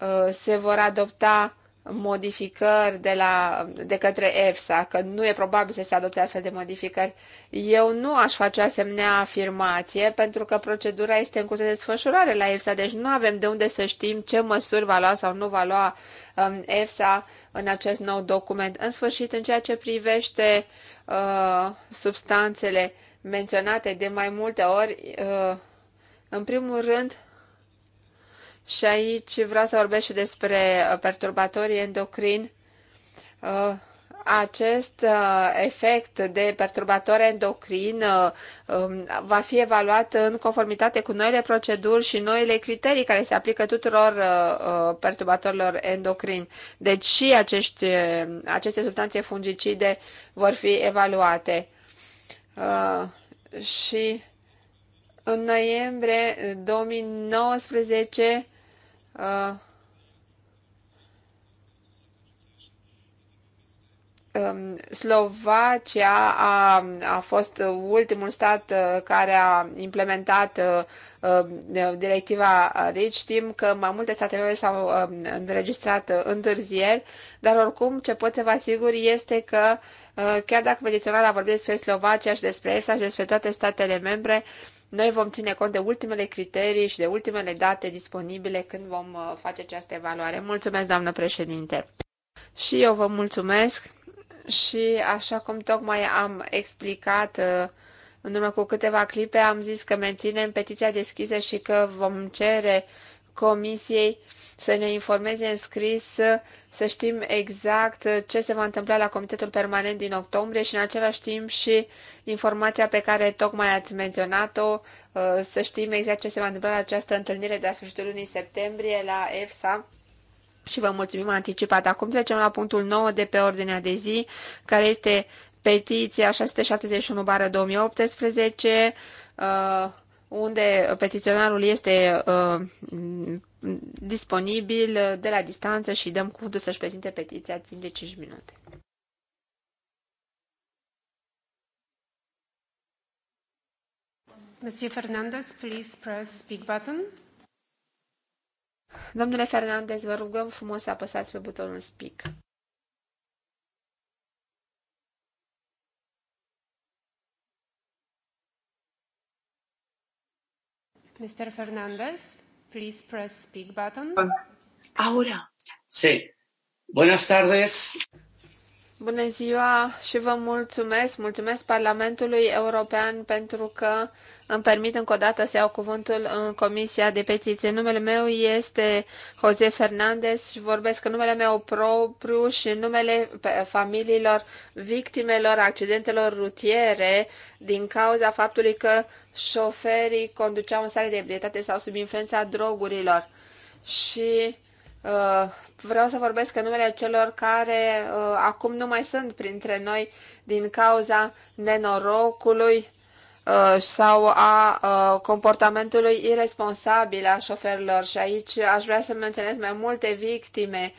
uh, se vor adopta modificări de, la, de către EFSA, că nu e probabil să se adopte astfel de modificări. Eu nu aș face asemenea afirmație, pentru că procedura este în curs de desfășurare la EFSA, deci nu avem de unde să știm ce măsuri va lua sau nu va lua um, EFSA în acest nou document. În sfârșit, în ceea ce privește uh, substanțele menționate de mai multe ori, uh, în primul rând, și aici vreau să vorbesc și despre uh, perturbatorii endocrini. Uh, acest uh, efect de perturbator endocrin um, va fi evaluat în conformitate cu noile proceduri și noile criterii care se aplică tuturor perturbatorilor endocrini. Deci și acești, aceste substanțe fungicide vor fi evaluate. Și în noiembrie 2019 Uh, um, Slovacia a, a fost ultimul stat uh, care a implementat uh, directiva RICI. Știm că mai multe state membre s-au înregistrat întârzieri, dar oricum ce pot să vă asigur este că chiar dacă petiționarea la vorbit despre Slovacia și despre EFSA și despre toate statele membre, noi vom ține cont de ultimele criterii și de ultimele date disponibile când vom uh, face această evaluare. Mulțumesc, doamnă președinte! Și eu vă mulțumesc și așa cum tocmai am explicat uh, în urmă cu câteva clipe, am zis că menținem petiția deschisă și că vom cere Comisiei să ne informeze în scris, să știm exact ce se va întâmpla la Comitetul Permanent din octombrie și în același timp și informația pe care tocmai ați menționat-o, uh, să știm exact ce se va întâmpla la această întâlnire de la sfârșitul lunii septembrie la EFSA. Și vă mulțumim anticipat. Acum trecem la punctul 9 de pe ordinea de zi, care este petiția 671-2018, unde petiționarul este uh, disponibil de la distanță și dăm cuvântul să-și prezinte petiția timp de 5 minute. Monsieur Fernandez, please press speak button. Domnule Fernandez, vă rugăm frumos să apăsați pe butonul speak. Mr. Fernández, please press speak button. Ahora. Sí. Buenas tardes. Bună ziua și vă mulțumesc, mulțumesc Parlamentului European pentru că îmi permit încă o dată să iau cuvântul în Comisia de Petiție. Numele meu este Jose Fernandez și vorbesc în numele meu propriu și în numele familiilor victimelor accidentelor rutiere din cauza faptului că șoferii conduceau în stare de ebrietate sau sub influența drogurilor. Și Uh, vreau să vorbesc în numele celor care uh, acum nu mai sunt printre noi din cauza nenorocului uh, sau a comportamentului irresponsabil a șoferilor. Și aici aș vrea să menționez mai multe victime.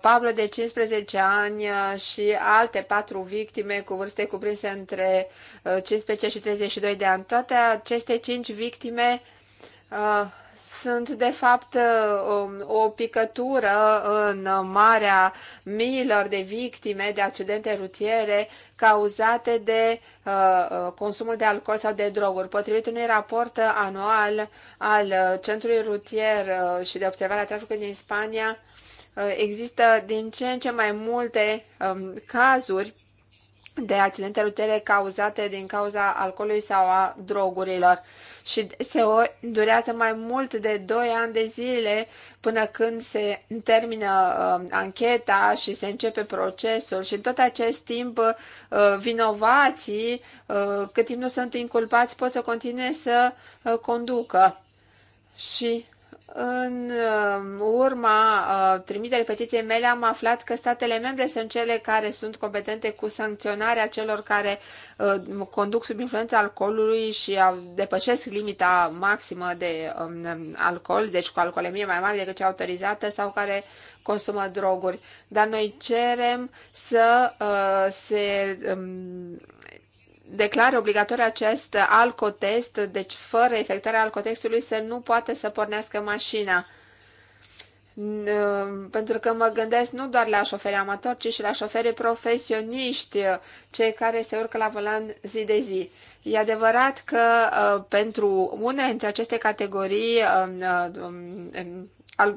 Pablo de 15 ani și alte patru victime cu vârste cuprinse între 15 și 32 de ani. Toate aceste cinci victime sunt de fapt um, o picătură în marea miilor de victime de accidente rutiere cauzate de uh, uh, consumul de alcool sau de droguri. Potrivit unui raport anual al Centrului Rutier uh, și de Observare a Traficului din Spania, există din ce în ce mai multe um, cazuri de accidente rutiere cauzate din cauza alcoolului sau a drogurilor și se durează mai mult de 2 ani de zile până când se termină uh, ancheta și se începe procesul și în tot acest timp uh, vinovații, uh, cât timp nu sunt inculpați, pot să continue să uh, conducă. Și în uh, urma uh, trimiterii petiției mele am aflat că statele membre sunt cele care sunt competente cu sancționarea celor care uh, conduc sub influența alcoolului și depășesc limita maximă de um, alcool, deci cu alcoolemie mai mare decât cea autorizată sau care consumă droguri. Dar noi cerem să se um, declară obligatoriu acest alcotest, deci fără efectuarea alcotestului să nu poate să pornească mașina. Ă, pentru că mă gândesc nu doar la șoferi amatori, ci și la șoferi profesioniști, cei care se urcă la volan zi de zi. E adevărat că ă, pentru una dintre aceste categorii ă,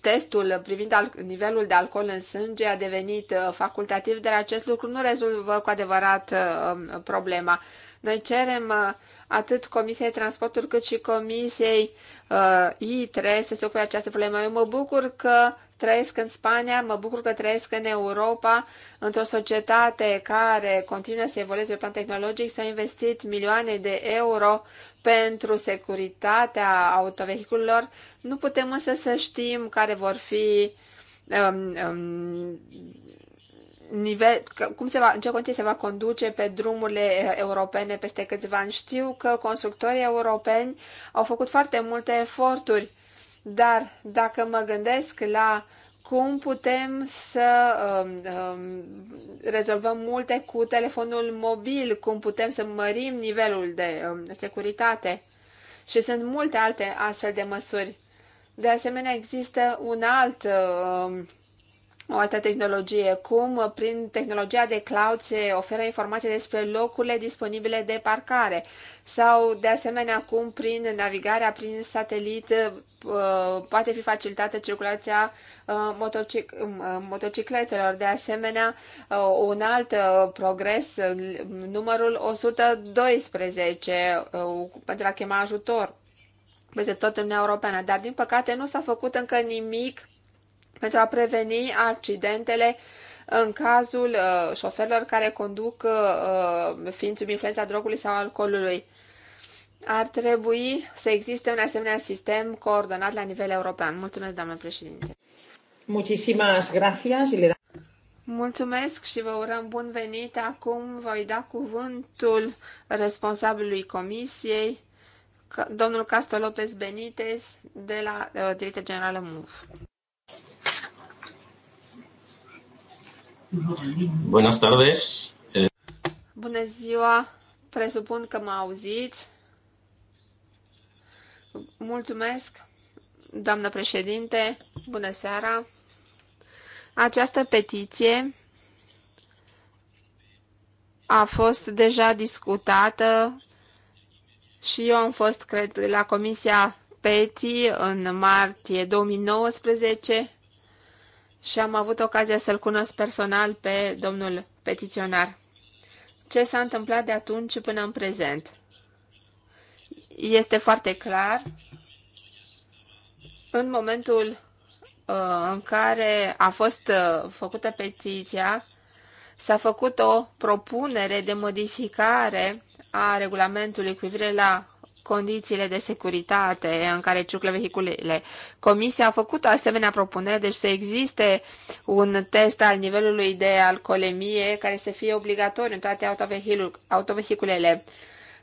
testul privind nivelul de alcool în sânge a devenit uh, facultativ, dar acest lucru nu rezolvă cu adevărat uh, um, problema. Noi cerem uh, atât Comisiei Transporturi cât și Comisiei ITRE să se ocupe această problemă. Eu mă bucur că trăiesc în Spania, mă bucur că trăiesc în Europa, într-o societate care continuă să evolueze pe plan tehnologic, s-au investit milioane de euro pentru securitatea autovehiculelor. Nu putem însă să știm care vor fi um, um, nivel, cum se va, în ce condiții se va conduce pe drumurile uh, europene peste câțiva ani. Știu că constructorii europeni au făcut foarte multe eforturi dar dacă mă gândesc la cum putem să um, um, rezolvăm multe cu telefonul mobil, cum putem să mărim nivelul de um, securitate și sunt multe alte astfel de măsuri. De asemenea, există un alt uh, o altă tehnologie, cum prin tehnologia de cloud se oferă informații despre locurile disponibile de parcare sau de asemenea cum prin navigarea prin satelit uh, poate fi facilitată circulația uh, motocic uh, motocicletelor. De asemenea, un alt progres, numărul 112 pentru a chema ajutor peste tot în Europeană, dar din păcate nu s-a făcut încă nimic pentru a preveni accidentele în cazul uh, șoferilor care conduc uh, uh, fiind sub influența drogului sau alcoolului. Ar trebui să existe un asemenea sistem coordonat la nivel european. Mulțumesc, doamnă președinte. Muchísimas gracias. Da- Mulțumesc și vă urăm bun venit. Acum voi da cuvântul responsabilului comisiei, domnul Castro López Benitez, de la uh, Direcția Generală MUV. Buenas tardes. Eh, Bună ziua. Presupun că mă auziți. Mulțumesc, doamnă președinte. Bună seara. Această petiție a fost deja discutată și eu am fost, cred, la Comisia Peti în martie 2019 și am avut ocazia să-l cunosc personal pe domnul petiționar. Ce s-a întâmplat de atunci până în prezent? Este foarte clar. În momentul uh, în care a fost uh, făcută petiția, s-a făcut o propunere de modificare a regulamentului cu privire la condițiile de securitate în care circulă vehiculele. Comisia a făcut asemenea propunere, deci să existe un test al nivelului de alcoolemie care să fie obligatoriu în toate autovehiculele.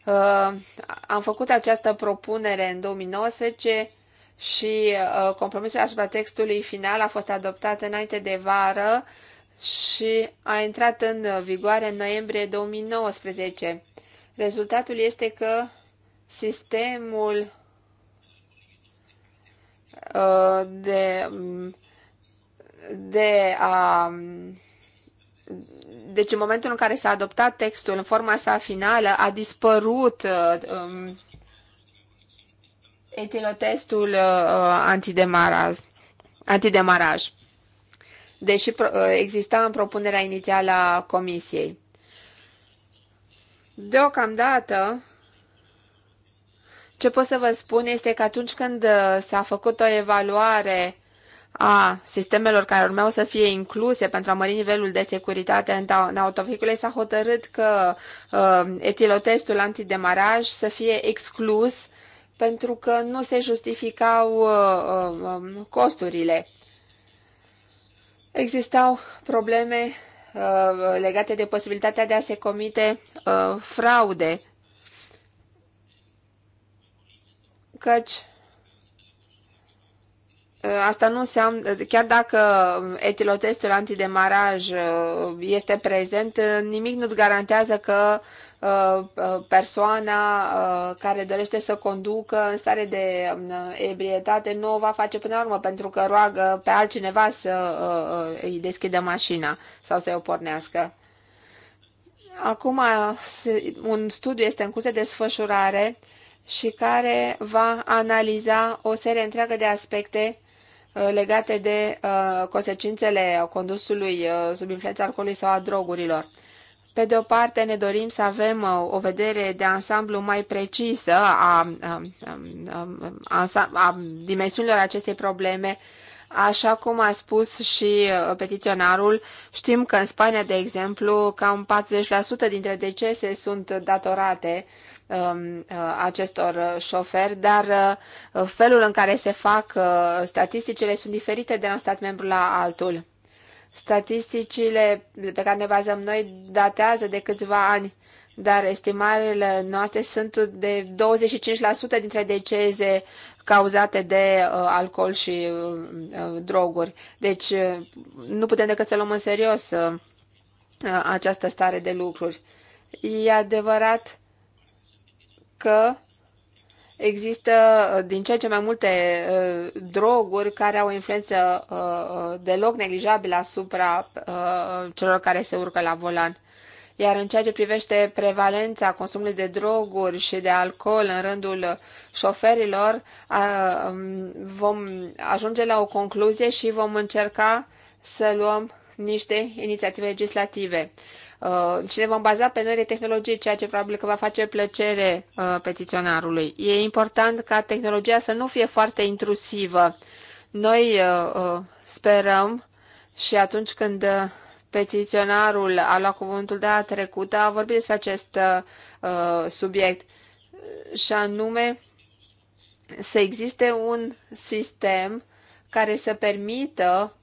Uh, am făcut această propunere în 2019 și uh, compromisul asupra textului final a fost adoptat înainte de vară și a intrat în vigoare în noiembrie 2019. Rezultatul este că sistemul uh, de, de a deci în momentul în care s-a adoptat textul în forma sa finală, a dispărut uh, um, etilotestul uh, uh, antidemaraj. antidemaraj, deși uh, exista în propunerea inițială a comisiei. Deocamdată, ce pot să vă spun este că atunci când uh, s-a făcut o evaluare a sistemelor care urmeau să fie incluse pentru a mări nivelul de securitate în, în autovehicule, s-a hotărât că uh, etilotestul antidemaraj să fie exclus pentru că nu se justificau uh, uh, costurile. Existau probleme uh, legate de posibilitatea de a se comite uh, fraude căci ă, Asta nu înseamnă, chiar dacă etilotestul antidemaraj ă, este prezent, ă, nimic nu-ți garantează că persoana care dorește să conducă în stare de ebrietate nu o va face până la urmă, pentru că roagă pe altcineva să îi deschidă mașina sau să o pornească. Acum, un studiu este în curs de desfășurare și care va analiza o serie întreagă de aspecte uh, legate de uh, consecințele condusului uh, sub influența alcoolului sau a drogurilor. Pe de o parte, ne dorim să avem uh, o vedere de ansamblu mai precisă a, a, a, a dimensiunilor acestei probleme. Așa cum a spus și uh, petiționarul, știm că în Spania, de exemplu, cam 40% dintre decese sunt datorate uh, Um, uh, acestor uh, șoferi, dar uh, felul în care se fac statisticile sunt diferite de la un stat membru la altul. Statisticile pe care ne bazăm noi datează de câțiva ani, dar estimările noastre sunt de 25% dintre decese cauzate de uh, alcool și uh, droguri. Deci uh, nu putem decât să luăm în serios uh, această stare de lucruri. E adevărat că există uh, din ce în ce mai multe uh, droguri care au o influență uh, deloc neglijabilă asupra celor care se urcă la volan. Iar în ceea ce privește prevalența consumului de droguri și de alcool în rândul șoferilor, um, vom ajunge la o concluzie și vom încerca să luăm niște inițiative legislative. Uh, și ne vom baza pe noile tehnologii, ceea ce probabil că va face plăcere uh, petiționarului. E important ca tehnologia să nu fie foarte intrusivă. Noi uh, sperăm și atunci când petiționarul a luat cuvântul a trecută, a vorbit despre acest subiect și anume să existe un sistem care să permită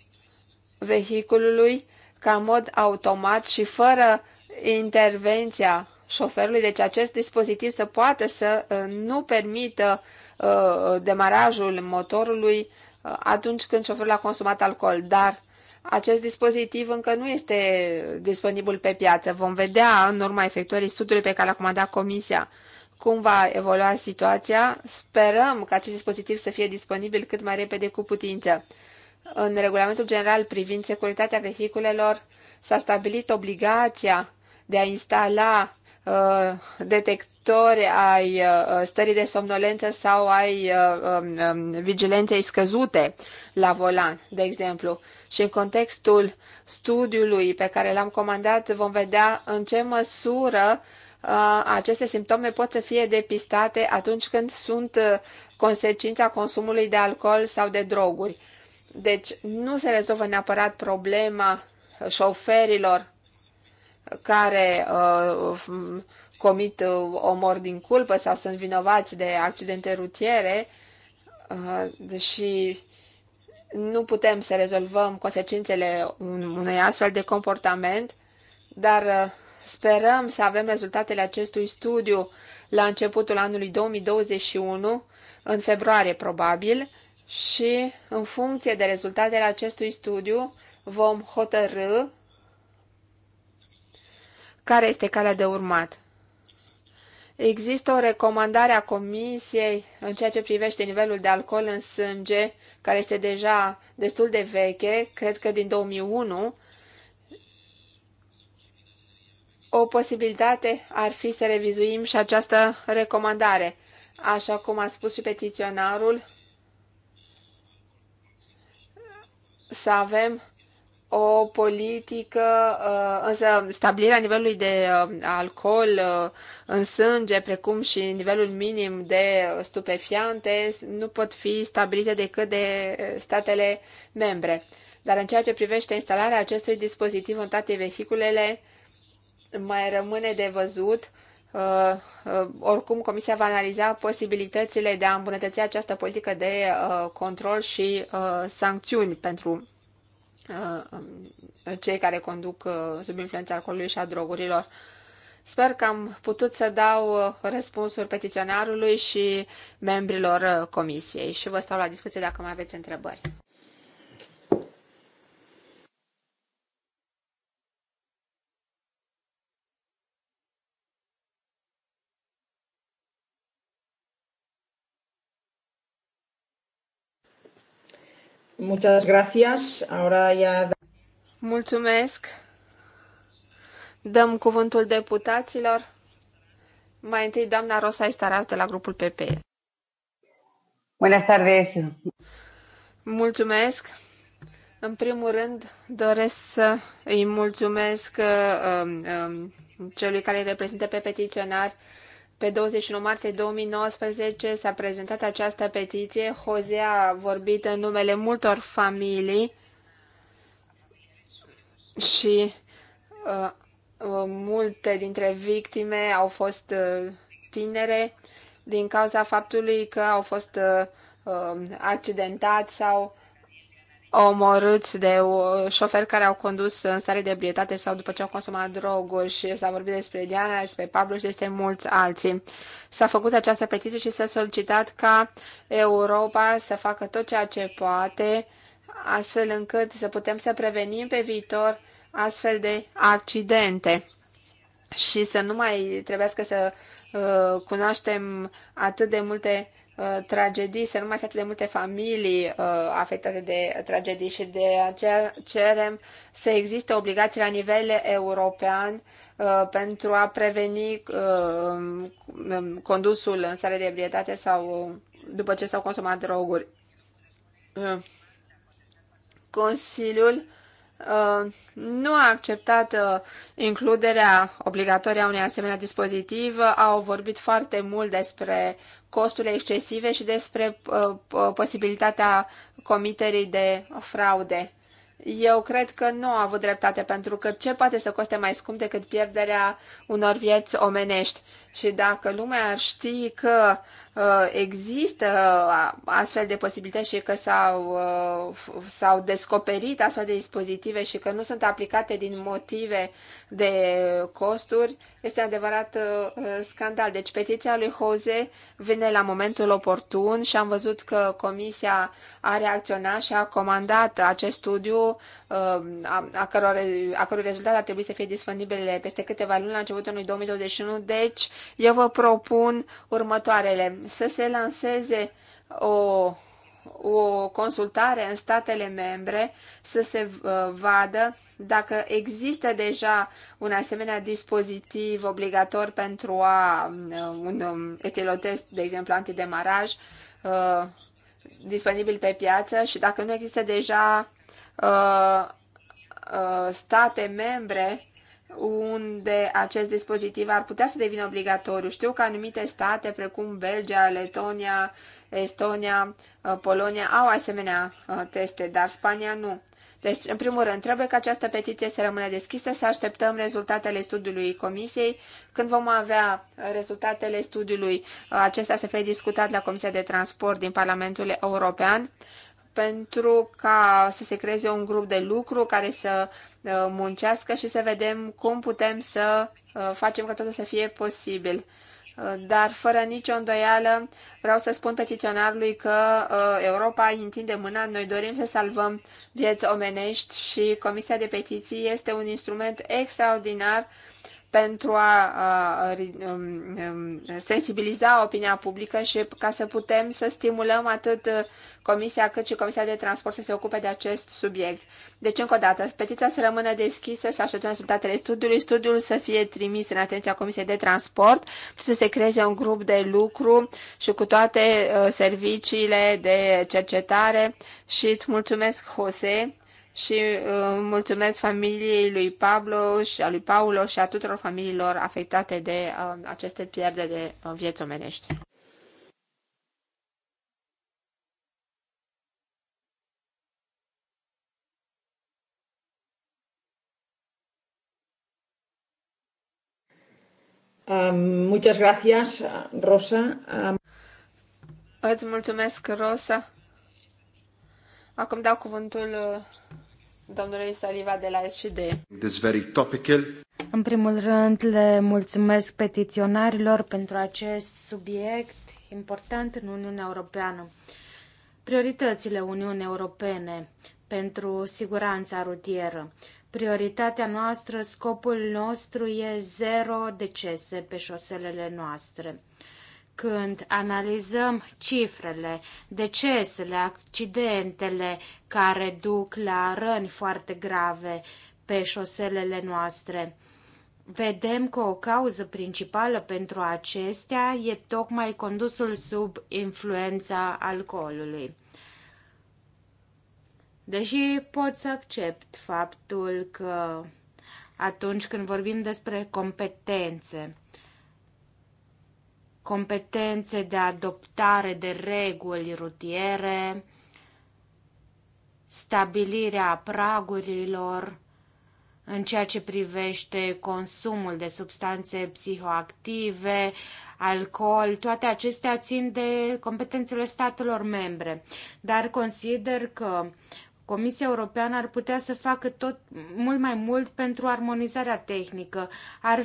vehiculului ca în mod automat și fără intervenția șoferului, deci acest dispozitiv să poată să uh, nu permită uh, demarajul motorului uh, atunci când șoferul a consumat alcool, dar acest dispozitiv încă nu este disponibil pe piață. Vom vedea în urma efectuării studiului pe care l-a comandat Comisia cum va evolua situația. Sperăm că acest dispozitiv să fie disponibil cât mai repede cu putință în regulamentul general privind securitatea vehiculelor s-a stabilit obligația de a instala uh, detectori ai uh, uh stării de somnolență sau ai uh, um, um, vigilenței scăzute la volan, de exemplu. Și în contextul studiului pe care l-am comandat vom vedea în ce măsură uh, aceste simptome pot să fie depistate atunci când sunt uh, consecința consumului de alcool sau de droguri deci nu se rezolvă neapărat problema șoferilor care uh, comit uh, omor din culpă sau sunt vinovați de accidente rutiere uh, și nu putem să rezolvăm consecințele unui astfel de comportament, dar uh, sperăm să avem rezultatele acestui studiu la începutul anului 2021, în februarie probabil, și în funcție de rezultatele acestui studiu vom hotărâ care este calea de urmat. Există o recomandare a comisiei în ceea ce privește nivelul de alcool în sânge, care este deja destul de veche, cred că din 2001. O posibilitate ar fi să revizuim și această recomandare. Așa cum a spus și petiționarul, să avem o politică, uh, însă stabilirea nivelului de uh, alcool uh, în sânge, precum și nivelul minim de stupefiante, nu pot fi stabilite decât de statele membre. Dar în ceea ce privește instalarea acestui dispozitiv în toate vehiculele, mai rămâne de văzut Uh, uh, oricum, Comisia va analiza posibilitățile de a îmbunătăți această politică de uh, control și uh, sancțiuni pentru uh, cei care conduc uh, sub influența alcoolului și a drogurilor. Sper că am putut să dau răspunsuri petiționarului și membrilor comisiei și vă stau la discuție dacă mai aveți întrebări. Muchas gracias. Ahora ya... Da- mulțumesc. Dăm cuvântul deputaților. Mai întâi, doamna Rosa Istaras de la grupul PP. Buenas tardes. Mulțumesc. În primul rând, doresc să îi mulțumesc uh, uh, celui care îi reprezintă pe petiționari uh, pe 29 martie 2019 s-a prezentat această petiție. Jose a vorbit în numele multor familii și uh, uh, multe dintre victime au fost uh, tinere din cauza faptului că au fost uh, uh accidentați sau omorâți de șoferi care au condus în stare de ebrietate sau după ce au consumat droguri și s-a vorbit despre Diana, despre Pablo și despre mulți alții. S-a făcut această petiție și s-a solicitat ca Europa să facă tot ceea ce poate astfel încât să putem să prevenim pe viitor astfel de accidente și să nu mai trebuiască să uh, cunoaștem atât de multe Uh, tragedii, să nu mai fie atât de multe familii uh, afectate de tragedii și de aceea cerem să existe obligații la nivel european uh, pentru a preveni um, condusul în stare de ebrietate sau după ce s-au consumat droguri. Consiliul nu a acceptat includerea obligatorie a unei asemenea dispozitiv, au vorbit foarte mult despre costurile excesive și despre uh, posibilitatea comiterii de fraude. Eu cred că nu a avut dreptate, pentru că ce poate să coste mai scump decât pierderea unor vieți omenești? Și dacă lumea ar ști că uh, există astfel de posibilități și că s-au, uh, s-au descoperit astfel de dispozitive și că nu sunt aplicate din motive de costuri, este adevărat uh, scandal. Deci petiția lui Jose vine la momentul oportun și am văzut că comisia a reacționat și a comandat acest studiu Um, a căror, a căror rezultat ar trebui să fie disponibile peste câteva luni la începutul lui 2021. Deci, eu vă propun următoarele. Să se lanseze o, o consultare în statele membre, să se uh, vadă dacă există deja un asemenea dispozitiv obligator pentru a, uh, un um, etilotest, de exemplu, antidemaraj, uh, disponibil pe piață și dacă nu există deja Uh, uh, state membre unde acest dispozitiv ar putea să devină obligatoriu. Știu că anumite state, precum Belgia, Letonia, Estonia, uh, Polonia, au asemenea teste, dar Spania nu. Deci, în primul rând, trebuie ca această petiție să rămână deschisă, să așteptăm rezultatele studiului comisiei. Când vom avea rezultatele studiului, acesta se fie discutat la Comisia de Transport din Parlamentul European pentru ca să se creeze un grup de lucru care să uh, muncească și să vedem cum putem să uh, facem ca totul să fie posibil. Uh, dar fără nicio îndoială vreau să spun petiționarului că Europa îi întinde mâna, noi dorim să salvăm vieți omenești și Comisia de Petiții este un instrument extraordinar pentru a, um, um, sensibiliza opinia publică și ca să putem să stimulăm atât uh, Comisia cât și Comisia de Transport să se ocupe de acest subiect. Deci, încă o dată, petiția să rămână deschisă, să așteptăm rezultatele studiului, studiul să fie trimis în atenția Comisiei de Transport să se creeze un grup de lucru și cu toate uh, serviciile de cercetare. Și îți mulțumesc, Jose și uh, mulțumesc familiei lui Pablo și a lui Paulo și a tuturor familiilor afectate de uh, aceste pierde de uh, vieți omenești. Um, muchas gracias, Rosa. Um... Îți mulțumesc, Rosa. Acum dau cuvântul uh domnului Saliva de la SCD. This very topical. În primul rând, le mulțumesc petiționarilor pentru acest subiect important în Uniunea Europeană. Prioritățile Uniunii Europene pentru siguranța rutieră. Prioritatea noastră, scopul nostru e zero decese pe șoselele noastre când analizăm cifrele, decesele, accidentele care duc la răni foarte grave pe șoselele noastre. Vedem că o cauză principală pentru acestea e tocmai condusul sub influența alcoolului. Deși pot să accept faptul că atunci când vorbim despre competențe, competențe de adoptare de reguli rutiere, stabilirea pragurilor în ceea ce privește consumul de substanțe psihoactive, alcool, toate acestea țin de competențele statelor membre. Dar consider că Comisia Europeană ar putea să facă tot mult mai mult pentru armonizarea tehnică. Ar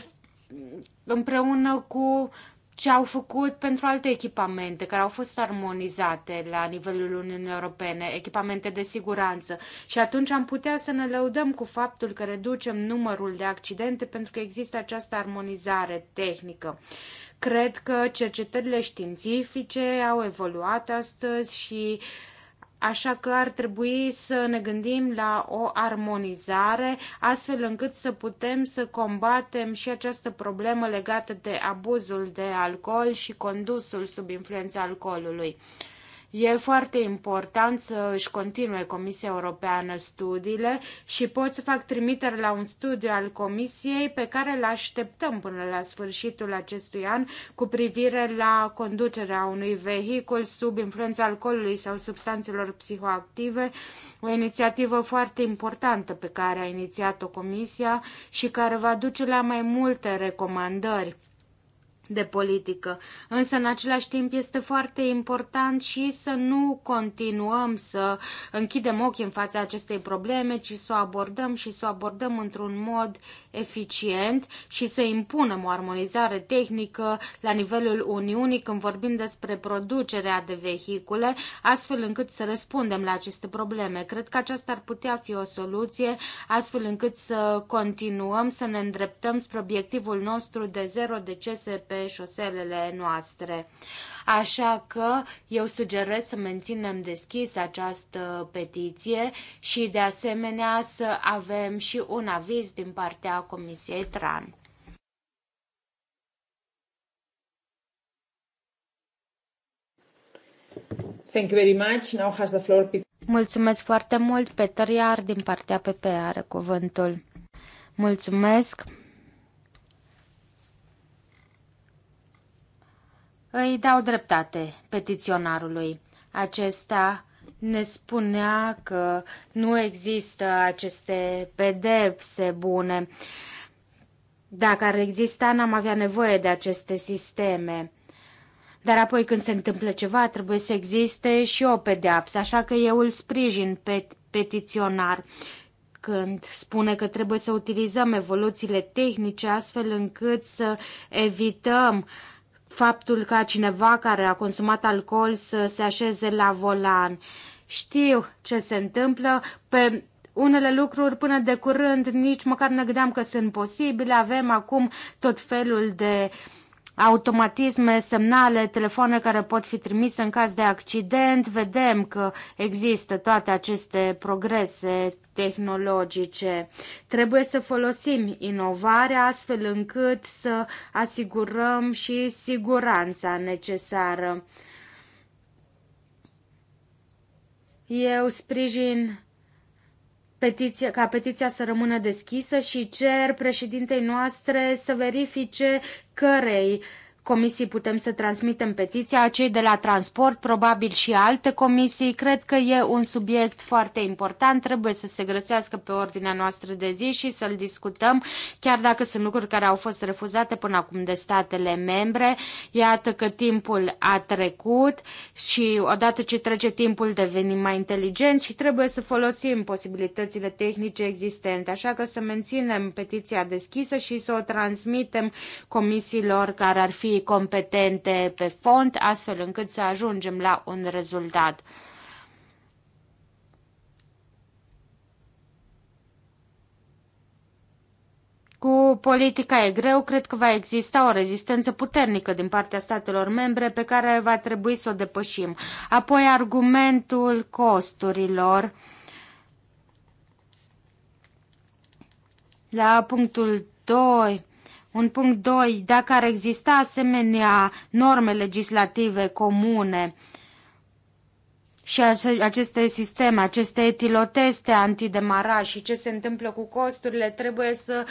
împreună cu ce au făcut pentru alte echipamente care au fost armonizate la nivelul Uniunii Europene, echipamente de siguranță. Și atunci am putea să ne lăudăm cu faptul că reducem numărul de accidente pentru că există această armonizare tehnică. Cred că cercetările științifice au evoluat astăzi și uh, Așa că ar trebui să ne gândim la o armonizare, astfel încât să putem să combatem și această problemă legată de abuzul de alcool și condusul sub influența alcoolului. E foarte important să își continue Comisia Europeană studiile și pot să fac trimitere la un studiu al Comisiei pe care îl așteptăm până la sfârșitul acestui an cu privire la conducerea unui vehicul sub influența alcoolului sau substanțelor psihoactive, o inițiativă foarte importantă pe care a inițiat-o Comisia și care va duce la mai multe recomandări de politică. Însă, în același timp, este foarte important și să nu continuăm să închidem ochii în fața acestei probleme, ci să o abordăm și să o abordăm într-un mod eficient și să impunem o armonizare tehnică la nivelul Uniunii când vorbim despre producerea de vehicule, astfel încât să răspundem la aceste probleme. Cred că aceasta ar putea fi o soluție, astfel încât să continuăm să ne îndreptăm spre obiectivul nostru de zero decese pe pe șoselele noastre. Așa că eu sugerez să menținem deschis această petiție și de asemenea să avem și un aviz din partea Comisiei TRAN. Thank you very much. Now has the floor Mulțumesc foarte mult, Peter Iar din partea PP are cuvântul. Mulțumesc. Îi dau dreptate petiționarului. Acesta ne spunea că nu există aceste pedepse bune. Dacă ar exista, n-am avea nevoie de aceste sisteme. Dar apoi când se întâmplă ceva, trebuie să existe și o pedeapsă, așa că eu îl sprijin pe petiționar când spune că trebuie să utilizăm evoluțiile tehnice astfel încât să evităm uh, faptul ca cineva care a consumat alcool să se așeze la volan. Știu ce se întâmplă. Pe unele lucruri până de curând nici măcar ne gândeam că sunt posibile. Avem acum tot felul de uh, automatisme, semnale, telefoane care pot fi trimise în caz de accident. Vedem că există toate aceste progrese tehnologice. Trebuie să folosim inovarea astfel încât să asigurăm și siguranța necesară. Eu sprijin petiția, ca petiția să rămână deschisă și cer președintei noastre să verifice cărei uh, comisii putem să transmitem petiția, cei de la transport, probabil și alte comisii. Cred că e un subiect foarte important, trebuie să se grăsească pe ordinea noastră de zi și să-l discutăm, chiar dacă sunt lucruri care au fost refuzate până acum de statele membre. Iată că timpul a trecut și odată ce trece timpul devenim mai inteligenți și trebuie să folosim posibilitățile tehnice existente, așa că să menținem petiția deschisă și să o transmitem comisiilor care ar fi fi competente pe fond, astfel încât să ajungem la un rezultat. Cu politica e greu, cred că va exista o rezistență puternică din partea statelor membre pe care va trebui să o depășim. Apoi argumentul costurilor. La punctul 2 un punct 2, dacă ar exista asemenea norme legislative comune și aceste sisteme, aceste etiloteste antidemaraj și ce se întâmplă cu costurile, trebuie să uh,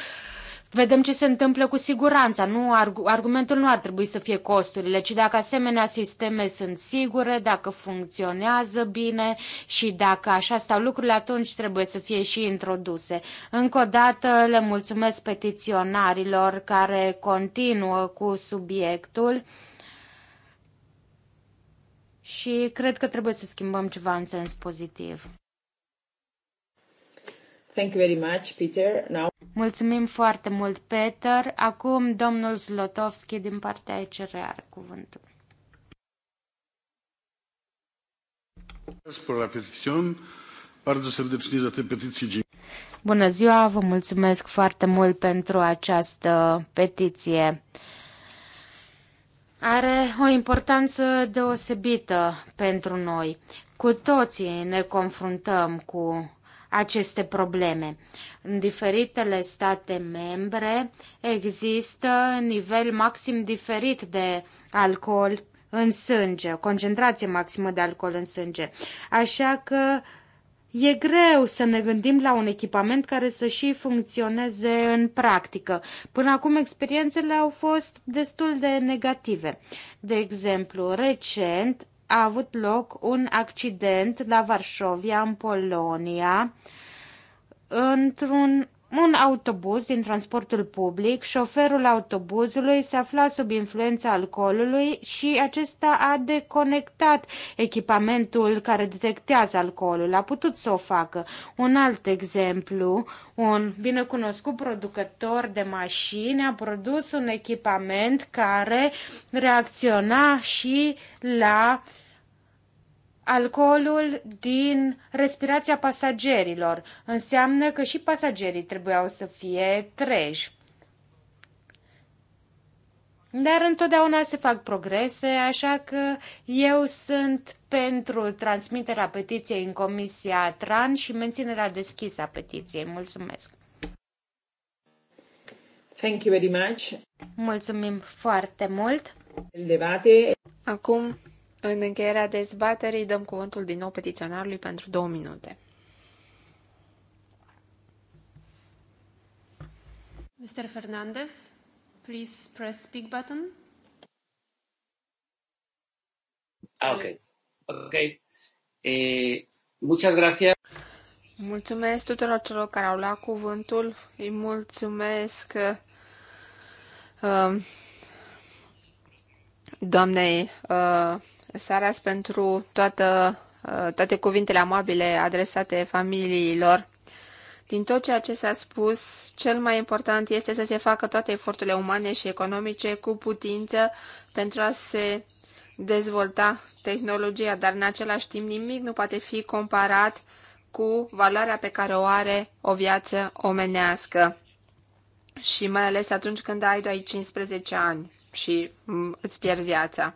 vedem ce se întâmplă cu siguranța. Nu, argumentul nu ar trebui să fie costurile, ci dacă asemenea sisteme sunt sigure, dacă funcționează bine și dacă așa stau lucrurile, atunci trebuie să fie și introduse. Încă o dată le mulțumesc petiționarilor care continuă cu subiectul și cred că trebuie să schimbăm ceva în sens pozitiv. Thank you very much, Peter. Now... Mulțumim foarte mult, Peter. Acum domnul Zlotovski din partea ECR are cuvântul. Bună ziua, vă mulțumesc foarte mult pentru această petiție. Are o importanță deosebită pentru noi. Cu toții ne confruntăm cu aceste probleme. În diferitele state membre există nivel maxim diferit de alcool în sânge, o concentrație maximă de alcool în sânge. Așa că E greu să ne gândim la un echipament care să și funcționeze în practică. Până acum experiențele au fost destul de negative. De exemplu, recent a avut loc un accident la Varșovia, în Polonia, într-un un autobuz din transportul public, șoferul autobuzului se afla sub influența alcoolului și acesta a deconectat echipamentul care detectează alcoolul. A putut să o facă. Un alt exemplu, un binecunoscut producător de mașini a produs un echipament care reacționa și la uh, alcoolul din respirația pasagerilor. Înseamnă că și pasagerii trebuiau să fie treji. Dar întotdeauna se fac progrese, așa că eu sunt pentru transmiterea petiției în Comisia TRAN și menținerea deschisă a petiției. Mulțumesc! Thank you very much. Mulțumim foarte mult! Acum în încheierea dezbaterii dăm cuvântul din nou petiționarului pentru două minute. Mr. Fernandez, please press speak button. Ah, ok. Ok. Eh, muchas gracias. Mulțumesc tuturor celor care au luat cuvântul. Îi mulțumesc uh, doamnei uh, Saras pentru toată, uh, toate cuvintele amabile adresate familiilor. Din tot ceea ce s-a spus, cel mai important este să se facă toate eforturile umane și economice cu putință pentru a se dezvolta tehnologia, dar în același timp nimic nu poate fi comparat cu valoarea pe care o are o viață omenească. Și mai ales atunci când ai doar 15 ani și mm, îți pierzi viața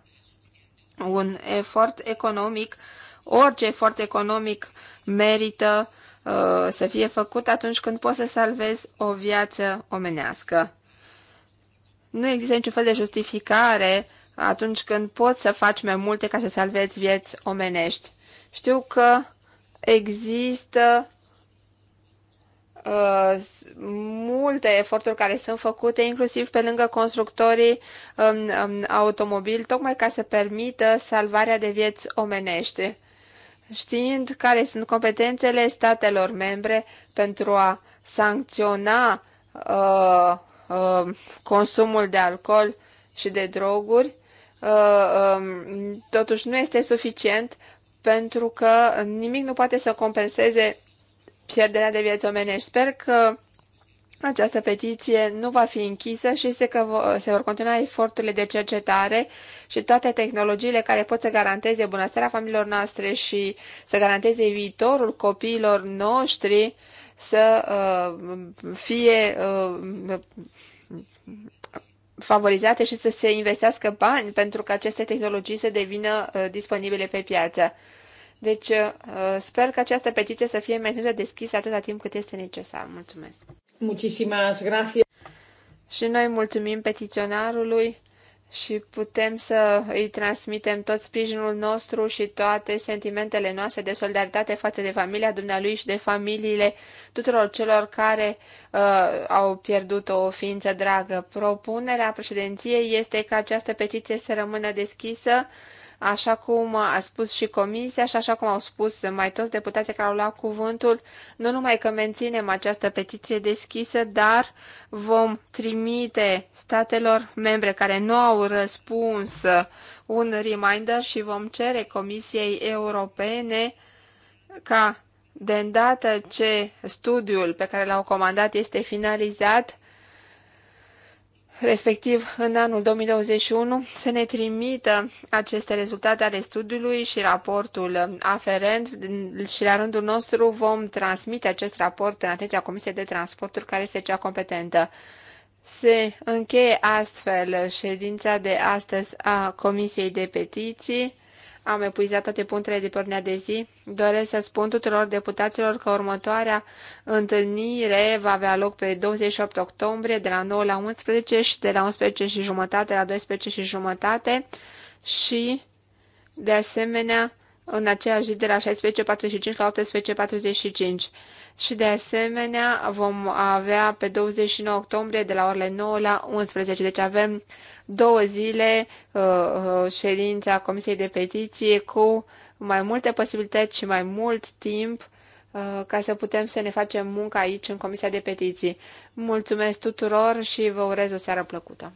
un efort economic, orice efort economic merită uh, să fie făcut atunci când poți să salvezi o viață omenească. Nu există niciun fel de justificare atunci când poți să faci mai multe ca să salvezi vieți omenești. Știu că există uh, multe eforturi care sunt făcute, inclusiv pe lângă constructorii um, um, automobili, tocmai ca să permită salvarea de vieți omenești, știind care sunt competențele statelor membre pentru a sancționa uh, uh, consumul de alcool și de droguri, uh, um, totuși nu este suficient pentru că nimic nu poate să compenseze pierderea de vieți omenești. Sper că această petiție nu va fi închisă și se, că se vor continua eforturile de cercetare și toate tehnologiile care pot să garanteze bunăstarea familiilor noastre și să garanteze viitorul copiilor noștri să uh, fie uh, favorizate și să se investească bani pentru că aceste tehnologii să devină uh, disponibile pe piață. Deci uh, sper că această petiție să fie menținută deschisă atâta timp cât este necesar. Mulțumesc! Muchísimas gracias! Și noi mulțumim petiționarului și putem să îi transmitem tot sprijinul nostru și toate sentimentele noastre de solidaritate față de familia dumnealui și de familiile tuturor celor care uh, au pierdut o ființă dragă. Propunerea președinției este ca această petiție să rămână deschisă așa cum a spus și comisia și așa cum au spus mai toți deputații care au luat cuvântul, nu numai că menținem această petiție deschisă, dar vom trimite statelor membre care nu au răspuns un reminder și vom cere Comisiei Europene ca de îndată ce studiul pe care l-au comandat este finalizat, respectiv în anul 2021, să ne trimită aceste rezultate ale studiului și raportul aferent și la rândul nostru vom transmite acest raport în atenția Comisiei de Transporturi, care este cea competentă. Se încheie astfel ședința de astăzi a Comisiei de Petiții am epuizat toate punctele de pornea de zi. Doresc să spun tuturor deputaților că următoarea întâlnire va avea loc pe 28 octombrie de la 9 la 11 și de la 11 și jumătate la 12 și jumătate și de asemenea în aceeași zi de la 16.45 la 18.45. Și de asemenea vom avea pe 29 octombrie de la orele 9 la 11. Deci avem două zile uh, uh ședința Comisiei de Petiție cu mai multe posibilități și mai mult timp uh, ca să putem să ne facem munca aici în Comisia de Petiții. Mulțumesc tuturor și vă urez o seară plăcută!